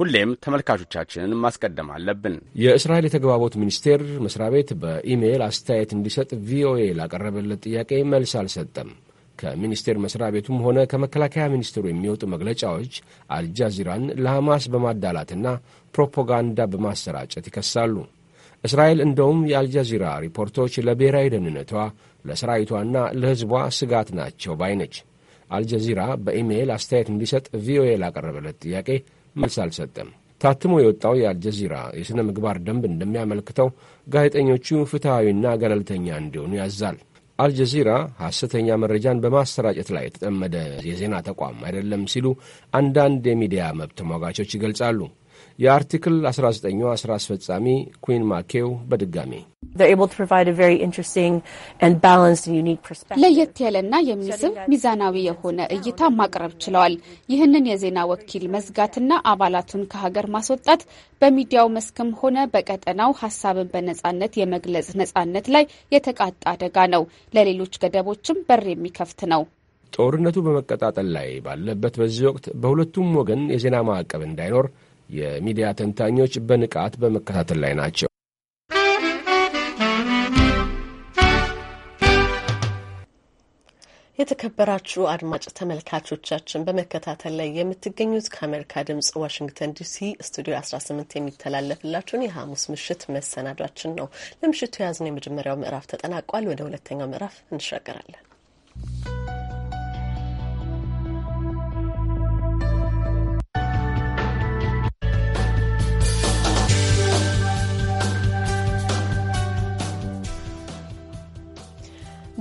ሁሌም ተመልካቾቻችንን ማስቀደም አለብን። የእስራኤል የተግባቦት ሚኒስቴር መስሪያ ቤት በኢሜይል አስተያየት እንዲሰጥ ቪኦኤ ላቀረበለት ጥያቄ መልስ አልሰጠም። ከሚኒስቴር መስሪያ ቤቱም ሆነ ከመከላከያ ሚኒስቴሩ የሚወጡ መግለጫዎች አልጃዚራን ለሐማስ በማዳላትና ፕሮፓጋንዳ በማሰራጨት ይከሳሉ። እስራኤል እንደውም የአልጃዚራ ሪፖርቶች ለብሔራዊ ደህንነቷ፣ ለሰራዊቷና ለሕዝቧ ስጋት ናቸው ባይነች። አልጃዚራ በኢሜይል አስተያየት እንዲሰጥ ቪኦኤ ላቀረበለት ጥያቄ መልስ አልሰጠም። ታትሞ የወጣው የአልጀዚራ የሥነ ምግባር ደንብ እንደሚያመለክተው ጋዜጠኞቹ ፍትሐዊና ገለልተኛ እንዲሆኑ ያዛል። አልጀዚራ ሐሰተኛ መረጃን በማሰራጨት ላይ የተጠመደ የዜና ተቋም አይደለም ሲሉ አንዳንድ የሚዲያ መብት ተሟጋቾች ይገልጻሉ። የአርቲክል 19ኛዋ ስራ አስፈጻሚ ኩን ማኬው በድጋሚ ለየት ያለና የሚስብ ሚዛናዊ የሆነ እይታ ማቅረብ ችለዋል። ይህንን የዜና ወኪል መዝጋትና አባላቱን ከሀገር ማስወጣት በሚዲያው መስክም ሆነ በቀጠናው ሀሳብን በነጻነት የመግለጽ ነጻነት ላይ የተቃጣ አደጋ ነው። ለሌሎች ገደቦችም በር የሚከፍት ነው። ጦርነቱ በመቀጣጠል ላይ ባለበት በዚህ ወቅት በሁለቱም ወገን የዜና ማዕቀብ እንዳይኖር የሚዲያ ተንታኞች በንቃት በመከታተል ላይ ናቸው። የተከበራችሁ አድማጭ ተመልካቾቻችን በመከታተል ላይ የምትገኙት ከአሜሪካ ድምጽ ዋሽንግተን ዲሲ ስቱዲዮ 18 የሚተላለፍላችሁን የሐሙስ ምሽት መሰናዷችን ነው። ለምሽቱ የያዝነው የመጀመሪያው ምዕራፍ ተጠናቋል። ወደ ሁለተኛው ምዕራፍ እንሻገራለን።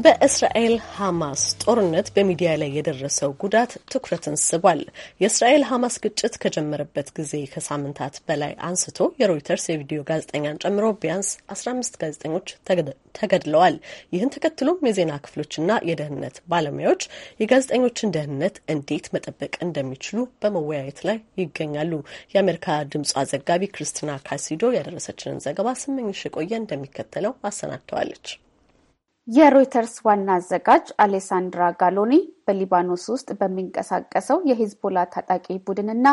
በእስራኤል ሐማስ ጦርነት በሚዲያ ላይ የደረሰው ጉዳት ትኩረትን ስቧል። የእስራኤል ሐማስ ግጭት ከጀመረበት ጊዜ ከሳምንታት በላይ አንስቶ የሮይተርስ የቪዲዮ ጋዜጠኛን ጨምሮ ቢያንስ 15 ጋዜጠኞች ተገድለዋል። ይህን ተከትሎም የዜና ክፍሎችና የደህንነት ባለሙያዎች የጋዜጠኞችን ደህንነት እንዴት መጠበቅ እንደሚችሉ በመወያየት ላይ ይገኛሉ። የአሜሪካ ድምፅ ዘጋቢ ክርስቲና ካሲዶ ያደረሰችንን ዘገባ ስመኝሽ የቆየ እንደሚከተለው አሰናድተዋለች። የሮይተርስ ዋና አዘጋጅ አሌሳንድራ ጋሎኒ በሊባኖስ ውስጥ በሚንቀሳቀሰው የሂዝቦላ ታጣቂ ቡድንና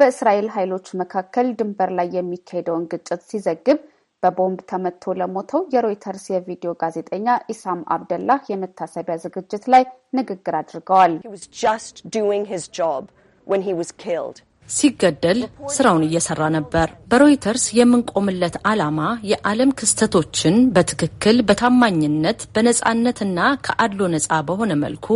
በእስራኤል ኃይሎች መካከል ድንበር ላይ የሚካሄደውን ግጭት ሲዘግብ በቦምብ ተመቶ ለሞተው የሮይተርስ የቪዲዮ ጋዜጠኛ ኢሳም አብደላህ የመታሰቢያ ዝግጅት ላይ ንግግር አድርገዋል። ሲገደል ስራውን እየሰራ ነበር። በሮይተርስ የምንቆምለት ዓላማ የዓለም ክስተቶችን በትክክል በታማኝነት በነጻነትና ከአድሎ ነፃ በሆነ መልኩ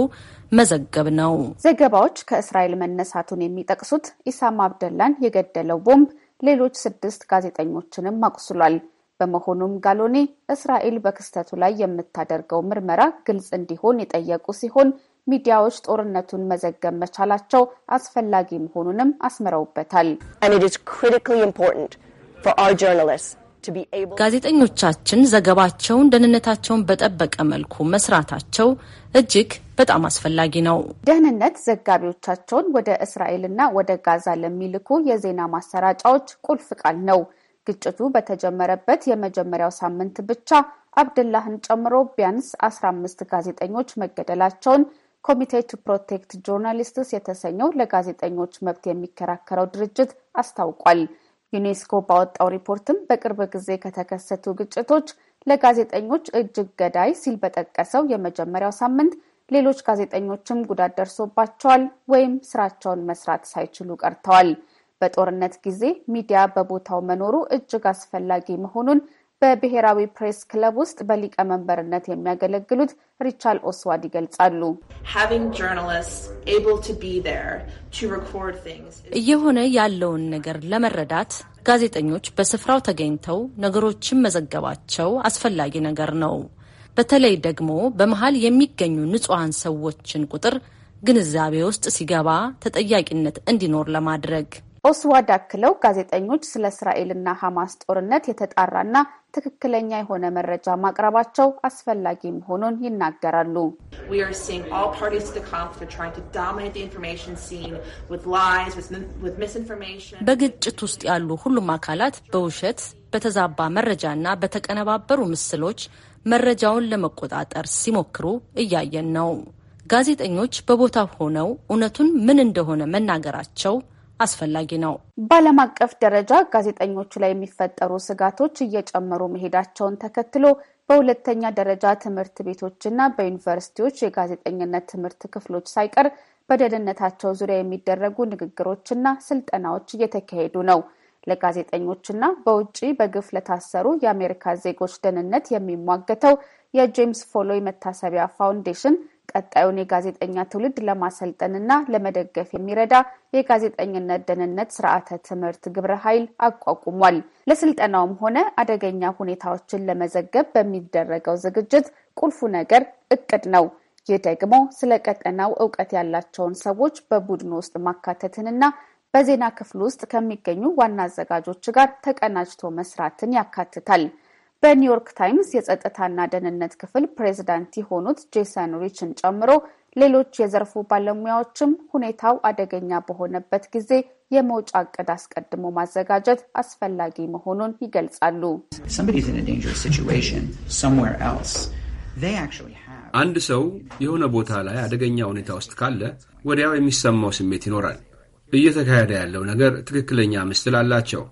መዘገብ ነው። ዘገባዎች ከእስራኤል መነሳቱን የሚጠቅሱት ኢሳም አብደላን የገደለው ቦምብ ሌሎች ስድስት ጋዜጠኞችንም አቁስሏል። በመሆኑም ጋሎኔ እስራኤል በክስተቱ ላይ የምታደርገው ምርመራ ግልጽ እንዲሆን የጠየቁ ሲሆን ሚዲያዎች ጦርነቱን መዘገብ መቻላቸው አስፈላጊ መሆኑንም አስምረውበታል። ጋዜጠኞቻችን ዘገባቸውን ደህንነታቸውን በጠበቀ መልኩ መስራታቸው እጅግ በጣም አስፈላጊ ነው። ደህንነት ዘጋቢዎቻቸውን ወደ እስራኤልና ወደ ጋዛ ለሚልኩ የዜና ማሰራጫዎች ቁልፍ ቃል ነው። ግጭቱ በተጀመረበት የመጀመሪያው ሳምንት ብቻ አብደላህን ጨምሮ ቢያንስ አስራ አምስት ጋዜጠኞች መገደላቸውን ኮሚቴ ቱ ፕሮቴክት ጆርናሊስትስ የተሰኘው ለጋዜጠኞች መብት የሚከራከረው ድርጅት አስታውቋል። ዩኔስኮ ባወጣው ሪፖርትም በቅርብ ጊዜ ከተከሰቱ ግጭቶች ለጋዜጠኞች እጅግ ገዳይ ሲል በጠቀሰው የመጀመሪያው ሳምንት ሌሎች ጋዜጠኞችም ጉዳት ደርሶባቸዋል ወይም ስራቸውን መስራት ሳይችሉ ቀርተዋል። በጦርነት ጊዜ ሚዲያ በቦታው መኖሩ እጅግ አስፈላጊ መሆኑን በብሔራዊ ፕሬስ ክለብ ውስጥ በሊቀመንበርነት የሚያገለግሉት ሪቻል ኦስዋድ ይገልጻሉ። እየሆነ ያለውን ነገር ለመረዳት ጋዜጠኞች በስፍራው ተገኝተው ነገሮችን መዘገባቸው አስፈላጊ ነገር ነው። በተለይ ደግሞ በመሀል የሚገኙ ንጹሐን ሰዎችን ቁጥር ግንዛቤ ውስጥ ሲገባ ተጠያቂነት እንዲኖር ለማድረግ ኦስዋድ አክለው ጋዜጠኞች ስለ እስራኤልና ሐማስ ጦርነት የተጣራና ትክክለኛ የሆነ መረጃ ማቅረባቸው አስፈላጊ መሆኑን ይናገራሉ። በግጭት ውስጥ ያሉ ሁሉም አካላት በውሸት በተዛባ መረጃና በተቀነባበሩ ምስሎች መረጃውን ለመቆጣጠር ሲሞክሩ እያየን ነው። ጋዜጠኞች በቦታው ሆነው እውነቱን ምን እንደሆነ መናገራቸው አስፈላጊ ነው። በዓለም አቀፍ ደረጃ ጋዜጠኞቹ ላይ የሚፈጠሩ ስጋቶች እየጨመሩ መሄዳቸውን ተከትሎ በሁለተኛ ደረጃ ትምህርት ቤቶችና በዩኒቨርሲቲዎች የጋዜጠኝነት ትምህርት ክፍሎች ሳይቀር በደህንነታቸው ዙሪያ የሚደረጉ ንግግሮችና ስልጠናዎች እየተካሄዱ ነው። ለጋዜጠኞችና በውጭ በግፍ ለታሰሩ የአሜሪካ ዜጎች ደህንነት የሚሟገተው የጄምስ ፎሎይ መታሰቢያ ፋውንዴሽን ቀጣዩን የጋዜጠኛ ትውልድ ለማሰልጠንና ለመደገፍ የሚረዳ የጋዜጠኝነት ደህንነት ስርዓተ ትምህርት ግብረ ኃይል አቋቁሟል። ለስልጠናውም ሆነ አደገኛ ሁኔታዎችን ለመዘገብ በሚደረገው ዝግጅት ቁልፉ ነገር እቅድ ነው። ይህ ደግሞ ስለ ቀጠናው እውቀት ያላቸውን ሰዎች በቡድኑ ውስጥ ማካተትንና በዜና ክፍል ውስጥ ከሚገኙ ዋና አዘጋጆች ጋር ተቀናጅቶ መስራትን ያካትታል። በኒውዮርክ ታይምስ የጸጥታና ደህንነት ክፍል ፕሬዚዳንት የሆኑት ጄሰን ሪችን ጨምሮ ሌሎች የዘርፉ ባለሙያዎችም ሁኔታው አደገኛ በሆነበት ጊዜ የመውጫ እቅድ አስቀድሞ ማዘጋጀት አስፈላጊ መሆኑን ይገልጻሉ። አንድ ሰው የሆነ ቦታ ላይ አደገኛ ሁኔታ ውስጥ ካለ ወዲያው የሚሰማው ስሜት ይኖራል። እየተካሄደ ያለው ነገር ትክክለኛ ምስል አላቸው።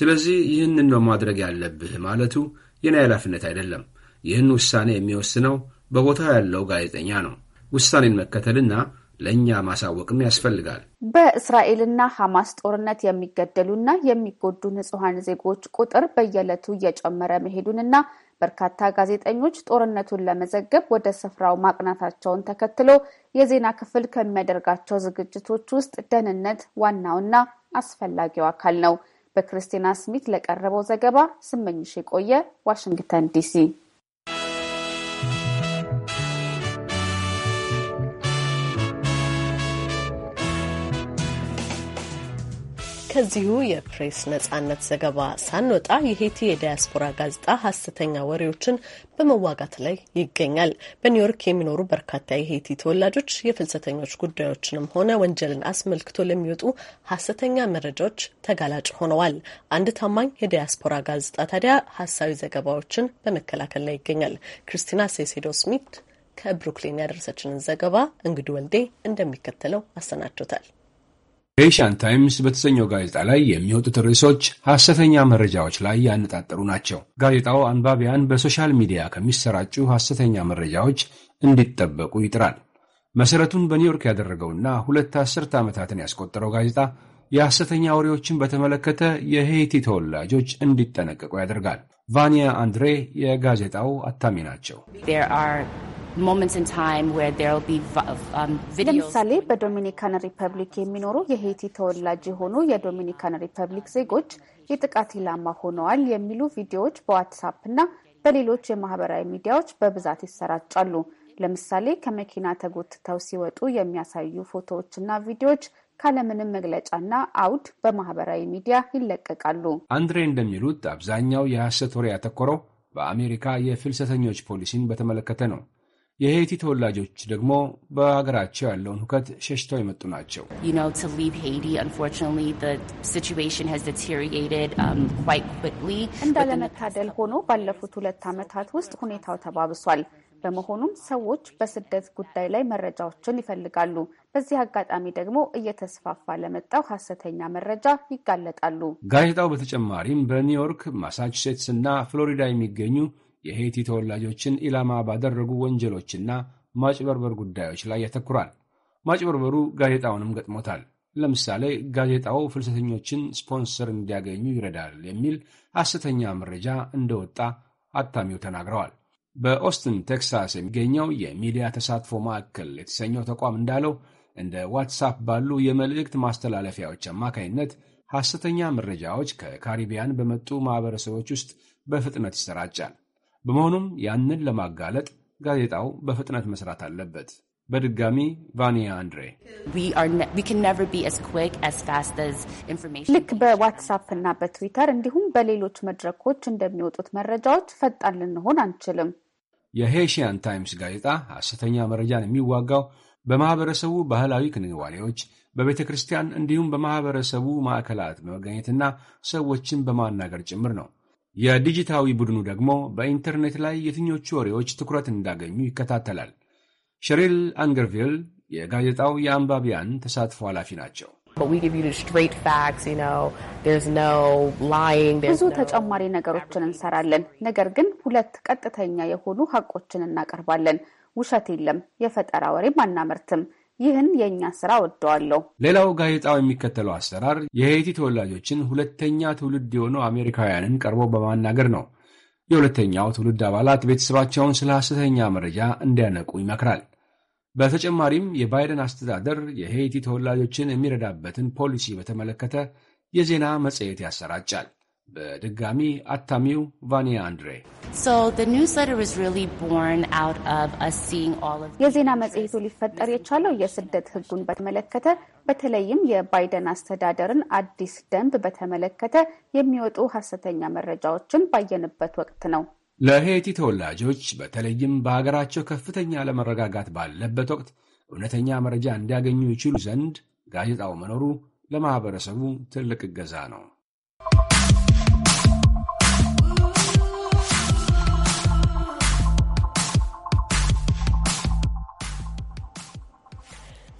ስለዚህ ይህንን ነው ማድረግ ያለብህ ማለቱ የኔ ኃላፊነት አይደለም። ይህን ውሳኔ የሚወስነው በቦታው ያለው ጋዜጠኛ ነው። ውሳኔን መከተልና ለእኛ ማሳወቅም ያስፈልጋል። በእስራኤልና ሐማስ ጦርነት የሚገደሉና የሚጎዱ ንጹሐን ዜጎች ቁጥር በየዕለቱ እየጨመረ መሄዱንና በርካታ ጋዜጠኞች ጦርነቱን ለመዘገብ ወደ ስፍራው ማቅናታቸውን ተከትሎ የዜና ክፍል ከሚያደርጋቸው ዝግጅቶች ውስጥ ደህንነት ዋናውና አስፈላጊው አካል ነው። በክርስቲና ስሚት ለቀረበው ዘገባ ስመኝሽ የቆየ ዋሽንግተን ዲሲ ከዚሁ የፕሬስ ነጻነት ዘገባ ሳንወጣ የሄቲ የዲያስፖራ ጋዜጣ ሀሰተኛ ወሬዎችን በመዋጋት ላይ ይገኛል። በኒውዮርክ የሚኖሩ በርካታ የሄቲ ተወላጆች የፍልሰተኞች ጉዳዮችንም ሆነ ወንጀልን አስመልክቶ ለሚወጡ ሀሰተኛ መረጃዎች ተጋላጭ ሆነዋል። አንድ ታማኝ የዲያስፖራ ጋዜጣ ታዲያ ሀሳዊ ዘገባዎችን በመከላከል ላይ ይገኛል። ክሪስቲና ሴሴዶ ስሚት ከብሩክሊን ያደረሰችንን ዘገባ እንግዲህ ወልዴ እንደሚከተለው አሰናድቶታል። ኤሽያን ታይምስ በተሰኘው ጋዜጣ ላይ የሚወጡት ርዕሶች ሐሰተኛ መረጃዎች ላይ ያነጣጠሩ ናቸው። ጋዜጣው አንባቢያን በሶሻል ሚዲያ ከሚሰራጩ ሐሰተኛ መረጃዎች እንዲጠበቁ ይጥራል። መሠረቱን በኒውዮርክ ያደረገውና ሁለት አስርተ ዓመታትን ያስቆጠረው ጋዜጣ የሐሰተኛ ወሬዎችን በተመለከተ የሄይቲ ተወላጆች እንዲጠነቀቁ ያደርጋል። ቫኒያ አንድሬ የጋዜጣው አታሚ ናቸው። Um, ለምሳሌ በዶሚኒካን ሪፐብሊክ የሚኖሩ የሄቲ ተወላጅ የሆኑ የዶሚኒካን ሪፐብሊክ ዜጎች የጥቃት ኢላማ ሆነዋል የሚሉ ቪዲዮዎች በዋትሳፕ እና በሌሎች የማህበራዊ ሚዲያዎች በብዛት ይሰራጫሉ። ለምሳሌ ከመኪና ተጎትተው ሲወጡ የሚያሳዩ ፎቶዎችና ቪዲዮዎች ካለምንም መግለጫና አውድ በማህበራዊ ሚዲያ ይለቀቃሉ። አንድሬ እንደሚሉት አብዛኛው የሐሰት ወሬ ያተኮረው በአሜሪካ የፍልሰተኞች ፖሊሲን በተመለከተ ነው። የሄይቲ ተወላጆች ደግሞ በሀገራቸው ያለውን ሁከት ሸሽተው የመጡ ናቸው። um, እንዳለመታደል ሆኖ ባለፉት ሁለት ዓመታት ውስጥ ሁኔታው ተባብሷል። በመሆኑም ሰዎች በስደት ጉዳይ ላይ መረጃዎችን ይፈልጋሉ። በዚህ አጋጣሚ ደግሞ እየተስፋፋ ለመጣው ሀሰተኛ መረጃ ይጋለጣሉ። ጋዜጣው በተጨማሪም በኒውዮርክ፣ ማሳቹሴትስ እና ፍሎሪዳ የሚገኙ የሄይቲ ተወላጆችን ኢላማ ባደረጉ ወንጀሎችና ማጭበርበር ጉዳዮች ላይ ያተኩራል። ማጭበርበሩ ጋዜጣውንም ገጥሞታል። ለምሳሌ ጋዜጣው ፍልሰተኞችን ስፖንሰር እንዲያገኙ ይረዳል የሚል ሐሰተኛ መረጃ እንደወጣ አታሚው ተናግረዋል። በኦስትን ቴክሳስ የሚገኘው የሚዲያ ተሳትፎ ማዕከል የተሰኘው ተቋም እንዳለው እንደ ዋትሳፕ ባሉ የመልእክት ማስተላለፊያዎች አማካይነት ሐሰተኛ መረጃዎች ከካሪቢያን በመጡ ማኅበረሰቦች ውስጥ በፍጥነት ይሰራጫል። በመሆኑም ያንን ለማጋለጥ ጋዜጣው በፍጥነት መስራት አለበት። በድጋሚ ቫኒያ አንድሬ ልክ በዋትሳፕ እና በትዊተር እንዲሁም በሌሎች መድረኮች እንደሚወጡት መረጃዎች ፈጣን ልንሆን አንችልም። የሄሽያን ታይምስ ጋዜጣ ሐሰተኛ መረጃን የሚዋጋው በማህበረሰቡ ባህላዊ ክንዋኔዎች፣ በቤተ ክርስቲያን እንዲሁም በማህበረሰቡ ማዕከላት በመገኘትና ሰዎችን በማናገር ጭምር ነው። የዲጂታዊ ቡድኑ ደግሞ በኢንተርኔት ላይ የትኞቹ ወሬዎች ትኩረት እንዳገኙ ይከታተላል። ሸሪል አንገርቪል የጋዜጣው የአንባቢያን ተሳትፎ ኃላፊ ናቸው። ብዙ ተጨማሪ ነገሮችን እንሰራለን፣ ነገር ግን ሁለት ቀጥተኛ የሆኑ ሀቆችን እናቀርባለን። ውሸት የለም፣ የፈጠራ ወሬም አናመርትም። ይህን የእኛ ስራ ወደዋለሁ። ሌላው ጋዜጣው የሚከተለው አሰራር የሄይቲ ተወላጆችን ሁለተኛ ትውልድ የሆኑ አሜሪካውያንን ቀርቦ በማናገር ነው። የሁለተኛው ትውልድ አባላት ቤተሰባቸውን ስለ ሐሰተኛ መረጃ እንዲያነቁ ይመክራል። በተጨማሪም የባይደን አስተዳደር የሄይቲ ተወላጆችን የሚረዳበትን ፖሊሲ በተመለከተ የዜና መጽሔት ያሰራጫል። በድጋሚ አታሚው ቫኒያ አንድሬ የዜና መጽሔቱ ሊፈጠር የቻለው የስደት ሕጉን በተመለከተ በተለይም የባይደን አስተዳደርን አዲስ ደንብ በተመለከተ የሚወጡ ሀሰተኛ መረጃዎችን ባየንበት ወቅት ነው። ለሄይቲ ተወላጆች በተለይም በሀገራቸው ከፍተኛ አለመረጋጋት ባለበት ወቅት እውነተኛ መረጃ እንዲያገኙ ይችሉ ዘንድ ጋዜጣው መኖሩ ለማህበረሰቡ ትልቅ እገዛ ነው።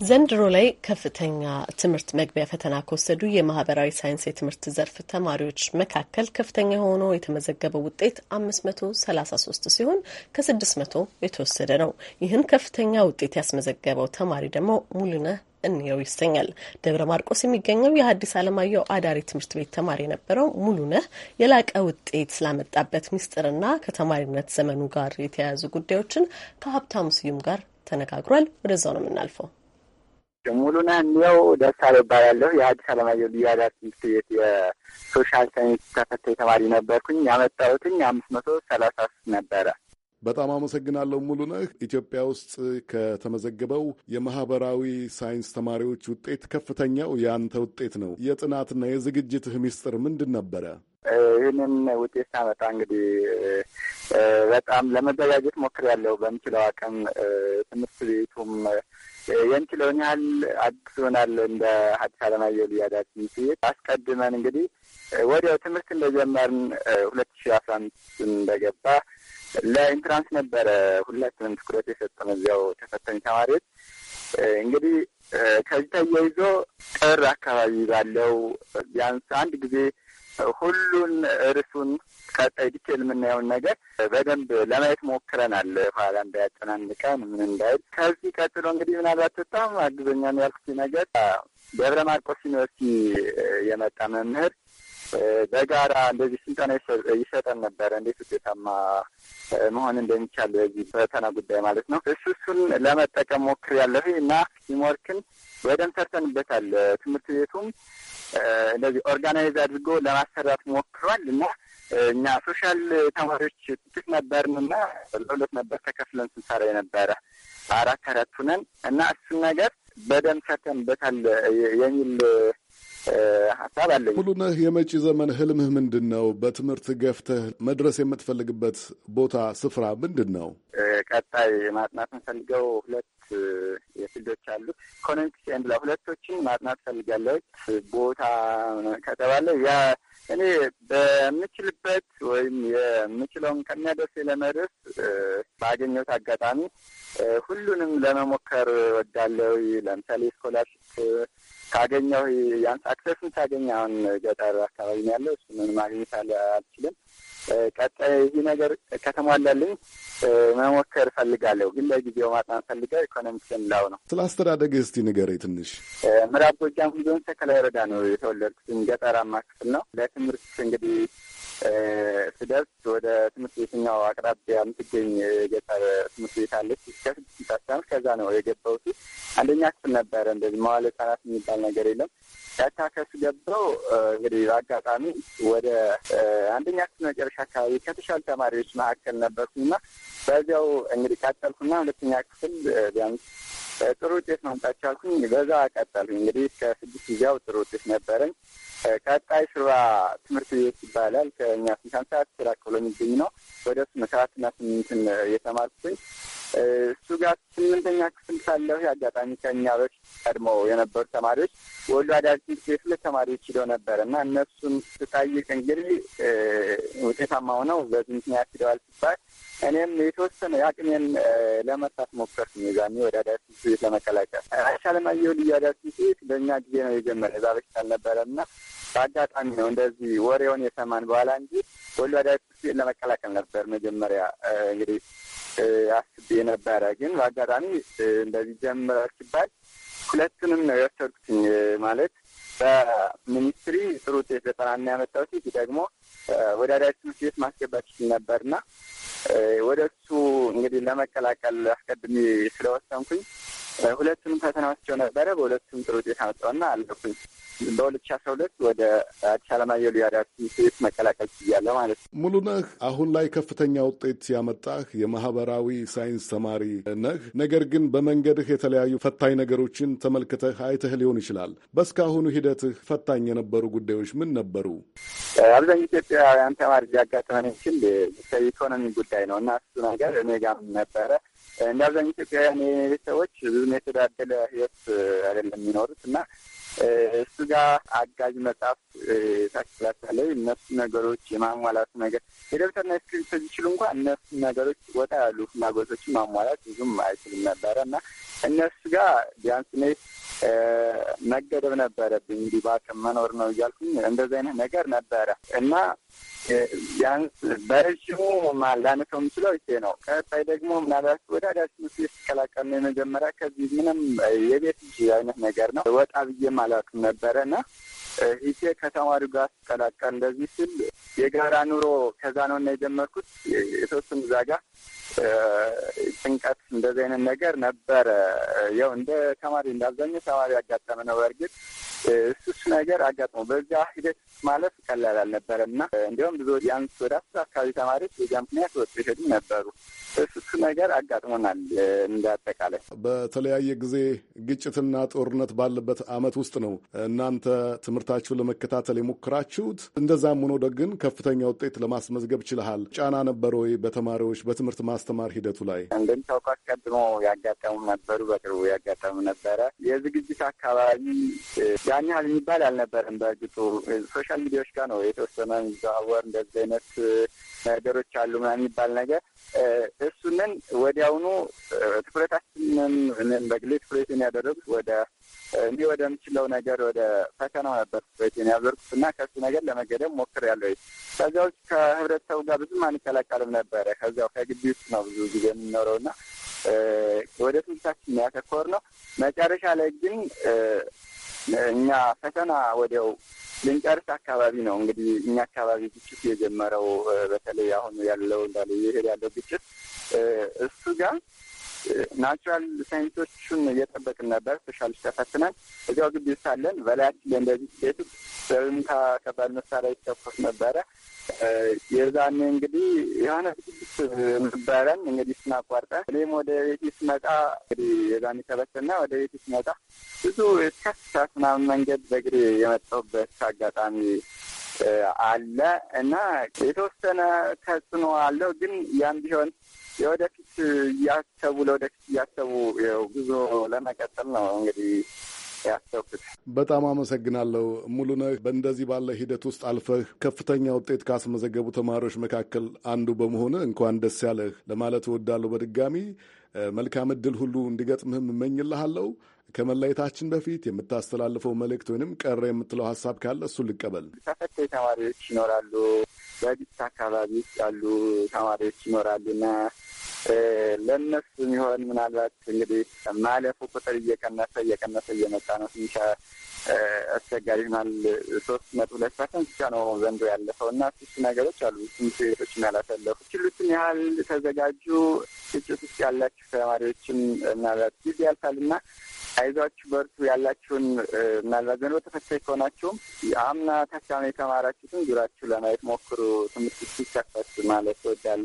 ዘንድሮ ላይ ከፍተኛ ትምህርት መግቢያ ፈተና ከወሰዱ የማህበራዊ ሳይንስ የትምህርት ዘርፍ ተማሪዎች መካከል ከፍተኛ ሆኖ የተመዘገበው ውጤት 533 ሲሆን ከ መቶ የተወሰደ ነው። ይህን ከፍተኛ ውጤት ያስመዘገበው ተማሪ ደግሞ ሙሉነህ እንየው ይሰኛል። ደብረ ማርቆስ የሚገኘው የሀዲስ አለማየሁ አዳሪ ትምህርት ቤት ተማሪ የነበረው ሙሉነህ የላቀ ውጤት ስላመጣበት ሚስጥርና ከተማሪነት ዘመኑ ጋር የተያያዙ ጉዳዮችን ከሀብታሙ ስዩም ጋር ተነጋግሯል። ወደዛው ነው የምናልፈው። ሙሉና እንዲያው ደስታለው ይባላለሁ። የሀዲስ አለማየሁ ልዩ ኃይላት ትምህርት ቤት የሶሻል ሳይንስ ተፈታኝ ተማሪ ነበርኩኝ። ያመጣሁትኝ አምስት መቶ ሰላሳ ሶስት ነበረ። በጣም አመሰግናለሁ ሙሉ ነህ። ኢትዮጵያ ውስጥ ከተመዘገበው የማህበራዊ ሳይንስ ተማሪዎች ውጤት ከፍተኛው የአንተ ውጤት ነው። የጥናትና የዝግጅትህ ምስጥር ምንድን ነበረ? ይህንን ውጤት ሳመጣ እንግዲህ በጣም ለመዘጋጀት ሞክሬያለሁ። በምችለው አቅም ትምህርት ቤቱም የምችለውን ያህል አግዞናል። እንደ ሀዲስ አለማየሁ ልያዳት ሲል አስቀድመን እንግዲህ ወዲያው ትምህርት እንደጀመርን ሁለት ሺ አስራ አምስት እንደገባ ለኢንትራንስ ነበረ ሁላችንም ትኩረት የሰጠን እዚያው ተፈተኝ ተማሪዎች እንግዲህ ከዚህ ተያይዞ ጥር አካባቢ ባለው ቢያንስ አንድ ጊዜ ሁሉን እርሱን ቀጣይ ዲቴል የምናየውን ነገር በደንብ ለማየት ሞክረናል። ኋላ እንዳያጨናንቀን ምን እንዳይል። ከዚህ ቀጥሎ እንግዲህ ምናልባት በጣም አግዞኛም ያልኩት ነገር ደብረ ማርቆስ ዩኒቨርሲቲ የመጣ መምህር በጋራ እንደዚህ ስልጠና ይሰጠን ነበረ፣ እንዴት ውጤታማ መሆን እንደሚቻል በዚህ ፈተና ጉዳይ ማለት ነው። እሱ እሱን ለመጠቀም ሞክር ያለሁ እና ሲሞርክን በደንብ ሰርተንበታል። ትምህርት ቤቱም እንደዚህ ኦርጋናይዝ አድርጎ ለማሰራት ሞክሯል እና እኛ ሶሻል ተማሪዎች ጥቂት ነበርን እና ለሁለት ነበር ተከፍለን ስንሰራ የነበረ አራት አራት ሁነን እና እሱን ነገር በደም ሰርተንበታል የሚል ሀሳብ አለኝ። ሙሉነህ፣ የመጪ ዘመን ህልምህ ምንድን ነው? በትምህርት ገፍተህ መድረስ የምትፈልግበት ቦታ ስፍራ ምንድን ነው? ቀጣይ ማጥናት የምፈልገው ሁለት ሁለት የፊልዶች አሉ። ኢኮኖሚክስ ኤንድ ላ ሁለቶችን ማጥናት ፈልጋለሁ። ቦታ ከተባለ ያ እኔ በምችልበት ወይም የምችለውን ከሚያደርስ ለመድረስ ባገኘሁት አጋጣሚ ሁሉንም ለመሞከር ወዳለው ለምሳሌ ስኮላርሽፕ ካገኘሁ ያን አክሰስን ታገኝ አሁን ገጠር አካባቢ ያለው እሱን ማግኘት አልችልም። ቀጣይ እዚህ ነገር ከተሟላልኝ መሞከር ፈልጋለሁ፣ ግን ለጊዜው ማጥናት ፈልገው ኢኮኖሚክስ ላው ነው። ስለ አስተዳደግ እስቲ ንገረኝ ትንሽ። ምዕራብ ጎጃም ዞን ሰከላ ወረዳ ነው የተወለድኩት። ገጠራማ ክፍል ነው። ለትምህርት እንግዲህ ስደርስ ወደ ትምህርት ቤትኛው አቅራቢያ የምትገኝ የገጠር ትምህርት ቤት አለች። እስከ ስድስት ከዛ ነው የገባሁት። አንደኛ ክፍል ነበረ። እንደዚህ መዋለ ህጻናት የሚባል ነገር የለም። ያቻ ከሱ ገባው እንግዲህ በአጋጣሚ ወደ አንደኛ ክፍል መጨረሻ አካባቢ ከተሻሉ ተማሪዎች መካከል ነበርኩና በዚያው እንግዲህ ቀጠልኩና ሁለተኛ ክፍል ቢያንስ ጥሩ ውጤት ማምጣት ቻልኩኝ። በዛ ቀጠልኩኝ እንግዲህ ከስድስት ጊዜያው ጥሩ ውጤት ነበረኝ። ቀጣይ ሽባ ትምህርት ቤት ይባላል። ከእኛ ስንት ሰዓት ራቅ ብሎ የሚገኝ ነው። ወደ እሱ ሰባትና ስምንትን የተማርኩኝ እሱ ጋር ስምንተኛ ክፍል ሳለሁ የአጋጣሚ ከኛ በፊት ቀድሞ የነበሩ ተማሪዎች ወሎ አዳሪ ቤት ሁለት ተማሪዎች ሂደው ነበር እና እነሱን ስታይቅ እንግዲህ ውጤታማ ሆነው በዚህ ምክንያት ሂደዋል ሲባል እኔም የተወሰነ አቅሜን ለመርሳት ሞከርኩኝ። ሚዛኒ ወደ አዳሪ ቤት ለመቀላቀል አሻለማየሁ ልዩ አዳሪ ቤት በእኛ ጊዜ ነው የጀመረ እዛ በፊት አልነበረም እና በአጋጣሚ ነው እንደዚህ ወሬውን የሰማን በኋላ እንጂ ወሎ አዳሪ ቤት ለመቀላቀል ነበር መጀመሪያ እንግዲህ አስቤ ነበረ። ግን በአጋጣሚ እንደዚህ ጀምረ ሲባል ሁለቱንም ነው የወሰድኩትኝ። ማለት በሚኒስትሪ ጥሩ ውጤት ዘጠናና ያመጣው ሴት ደግሞ ወዳዳጅ ትምህርት ቤት ማስገባት ይችል ነበርና ወደ እሱ እንግዲህ ለመቀላቀል አስቀድሜ ስለወሰንኩኝ ሁለቱንም ፈተና ነበረ። በሁለቱም ጥሩ ውጤት አመጣሁና አለፍኩኝ። በሁለት ሺህ አስራ ሁለት ወደ አዲስ አለማየሁ ልዩ ትምህርት ቤት መቀላቀል ችያለሁ ማለት ነው። ሙሉ ነህ አሁን ላይ ከፍተኛ ውጤት ያመጣህ የማህበራዊ ሳይንስ ተማሪ ነህ። ነገር ግን በመንገድህ የተለያዩ ፈታኝ ነገሮችን ተመልክተህ አይተህ ሊሆን ይችላል። በእስካሁኑ ሂደትህ ፈታኝ የነበሩ ጉዳዮች ምን ነበሩ? አብዛኛው ኢትዮጵያውያን ተማሪ ሊያጋጥመን የሚችል የኢኮኖሚ ጉዳይ ነው እና እሱ ነገር እኔ ጋርም ነበረ እንደ አብዛኛው ኢትዮጵያውያን ሰዎች ብዙም የተዳደለ ህይወት አይደለም የሚኖሩት እና እሱ ጋር አጋዥ መጽሐፍ ታች እነሱ ነገሮች የማሟላቱ ነገር የደብተርና ስክሪፕቶ ቢችሉ እንኳ እነሱ ነገሮች ወጣ ያሉ ፍላጎቶችን ማሟላት ብዙም አይችልም ነበረ እና እነሱ ጋር ቢያንስ እኔ መገደብ ነበረብኝ። እንዲህ በአቅም መኖር ነው እያልኩኝ እንደዚህ አይነት ነገር ነበረ እና ቢያንስ በረዥሙ ላመተው የምችለው ይሄ ነው። ቀጣይ ደግሞ ምናልባት ወደ አዳሽ ምስ የተቀላቀል ነው የመጀመሪያ ከዚህ ምንም የቤት ልጅ አይነት ነገር ነው። ወጣ ብዬም አላውቅም ነበረና ይሄ ከተማሪው ጋር ስቀላቀል እንደዚህ ስል የጋራ ኑሮ ከዛ ነው እና የጀመርኩት የተወሰኑ እዛ ጋር ጭንቀት እንደዚህ አይነት ነገር ነበረ። ያው እንደ ተማሪ እንደ ተማሪ ያጋጠመ ነው በእርግጥ እሱ ነገር አጋጥሞ በዛ ሂደት ማለፍ ቀላል አልነበረም እና እንዲሁም ብዙ ያንስ ወደ አስር አካባቢ ተማሪዎች በዚያ ምክንያት ወጡ ሄዱ ነበሩ። እሱ ነገር አጋጥሞናል። እንዳጠቃላይ በተለያየ ጊዜ ግጭትና ጦርነት ባለበት አመት ውስጥ ነው እናንተ ትምህርታችሁን ለመከታተል የሞክራችሁት። እንደዛም ሆኖ ግን ከፍተኛ ውጤት ለማስመዝገብ ችልሃል። ጫና ነበር ወይ በተማሪዎች በትምህርት ማስተማር ሂደቱ ላይ? እንደሚታወቀው አስቀድሞ ያጋጠሙ ነበሩ፣ በቅርቡ ያጋጠሙ ነበረ የዝግጅት አካባቢ ያን ያህል የሚባል አልነበረም። በእርግጡ ሶሻል ሚዲያዎች ጋር ነው የተወሰነ ሚዘዋወር እንደዚህ አይነት ነገሮች አሉ ምናምን የሚባል ነገር እሱንን ወዲያውኑ ትኩረታችንን በግሌ ትኩረቴን ያደረጉት ወደ እኔ ወደምችለው ነገር ወደ ፈተናው ነበር ትኩረቴን ያዞርኩት እና ከሱ ነገር ለመገደም ሞክሬያለሁ። ከዚያ ውጭ ከህብረተሰቡ ጋር ብዙም አንቀላቀልም ነበረ። ከዚያው ከግቢ ውስጥ ነው ብዙ ጊዜ የምንኖረው እና ወደ ትምህርታችን ያተኮር ነው። መጨረሻ ላይ ግን እኛ ፈተና ወዲያው ልንጨርስ አካባቢ ነው እንግዲህ እኛ አካባቢ ግጭት የጀመረው። በተለይ አሁን ያለው እንዳለ ይሄድ ያለው ግጭት እሱ ጋር ናቹራል ሳይንሶቹን እየጠበቅን ነበር። ስፔሻል ተፈትነን እዚያው ግቢ ውስጥ በላያችን ላይ እንደዚህ ቤቱ በብምታ ከባድ መሳሪያ ይተኮስ ነበረ። የዛኔ እንግዲህ የሆነ ዝግጅት ነበረን። እንግዲህ ስናቋርጠ እኔም ወደ ቤት ስመጣ እንግዲህ የዛኔ ተበትና ወደ ቤት ስመጣ ብዙ የተከሳት ምናምን መንገድ በእግሬ የመጣሁበት አጋጣሚ አለ እና የተወሰነ ተጽዕኖ አለው ግን ያም ቢሆን የወደፊት እያሰቡ ለወደፊት እያሰቡ ጉዞ ለመቀጠል ነው እንግዲህ ያሰብኩት። በጣም አመሰግናለሁ ሙሉነህ። በእንደዚህ ባለ ሂደት ውስጥ አልፈህ ከፍተኛ ውጤት ካስመዘገቡ ተማሪዎች መካከል አንዱ በመሆን እንኳን ደስ ያለህ ለማለት እወዳለሁ። በድጋሚ መልካም እድል ሁሉ እንዲገጥምህም እመኝልሃለሁ። ከመለየታችን በፊት የምታስተላልፈው መልእክት ወይንም ቀረ የምትለው ሀሳብ ካለ እሱን ልቀበል። ተፈታኝ ተማሪዎች ይኖራሉ። ዳዲስ አካባቢ ውስጥ ያሉ ተማሪዎች ይኖራሉና ለእነሱ የሚሆን ምናልባት እንግዲህ ማለፉ ቁጥር እየቀነሰ እየቀነሰ እየመጣ ነው። ትንሽ አስቸጋሪ ይሆናል። ሶስት ነጥብ ሁለት ፐርሰንት ብቻ ነው ዘንድሮ ያለፈው እና ስስ ነገሮች አሉ። ትምህርት ቤቶችን ያላሳለፉ ችሉትን ያህል ተዘጋጁ። ግጭት ውስጥ ያላችሁ ተማሪዎችን ምናልባት ጊዜ ያልፋል እና አይዟችሁ በርቱ ያላችሁን ምናልባት ዘንድሮ ተፈታኝ ከሆናችሁም አምና ታካሚ የተማራችሁትን ዙራችሁ ለማየት ሞክሩ። ትምህርት ሲከፈት ማለት ወዳለ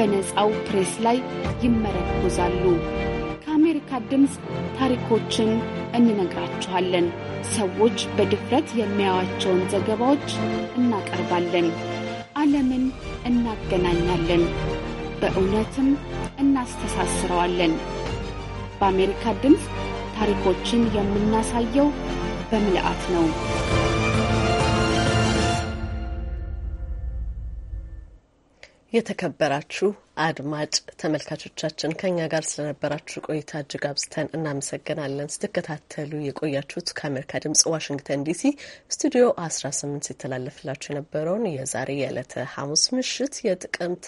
በነፃው ፕሬስ ላይ ይመረኮዛሉ። ከአሜሪካ ድምፅ ታሪኮችን እንነግራችኋለን። ሰዎች በድፍረት የሚያያቸውን ዘገባዎች እናቀርባለን። ዓለምን እናገናኛለን፣ በእውነትም እናስተሳስረዋለን። በአሜሪካ ድምፅ ታሪኮችን የምናሳየው በምልአት ነው። የተከበራችሁ አድማጭ ተመልካቾቻችን ከኛ ጋር ስለነበራችሁ ቆይታ እጅግ አብዝተን እናመሰግናለን። ስትከታተሉ የቆያችሁት ከአሜሪካ ድምጽ ዋሽንግተን ዲሲ ስቱዲዮ 18 ሲተላለፍላችሁ የነበረውን የዛሬ የዕለተ ሐሙስ ምሽት የጥቅምት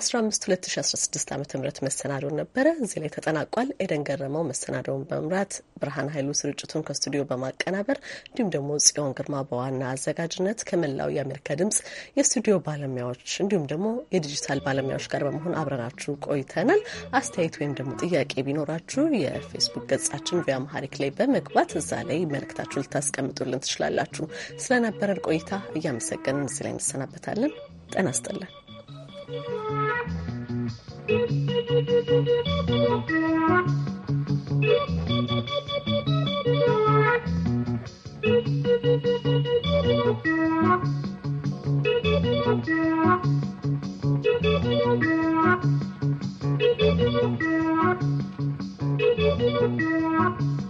15 2016 ዓ ም መሰናዶን ነበረ። እዚህ ላይ ተጠናቋል። ኤደን ገረመው መሰናዶውን በመምራት ብርሃን ኃይሉ ስርጭቱን ከስቱዲዮ በማቀናበር እንዲሁም ደግሞ ጽዮን ግርማ በዋና አዘጋጅነት ከመላው የአሜሪካ ድምጽ የስቱዲዮ ባለሙያዎች እንዲሁም ደግሞ የዲጂታል ባለሙያዎች ጋር በመሆን እስካሁን አብረናችሁ ቆይተናል። አስተያየት ወይም ደግሞ ጥያቄ ቢኖራችሁ የፌስቡክ ገጻችን ቪያማሀሪክ ላይ በመግባት እዛ ላይ መልእክታችሁ ልታስቀምጡልን ትችላላችሁ። ስለነበረን ቆይታ እያመሰገንን እዚህ ላይ እንሰናበታለን። ጤና ይስጥልን። Thank you.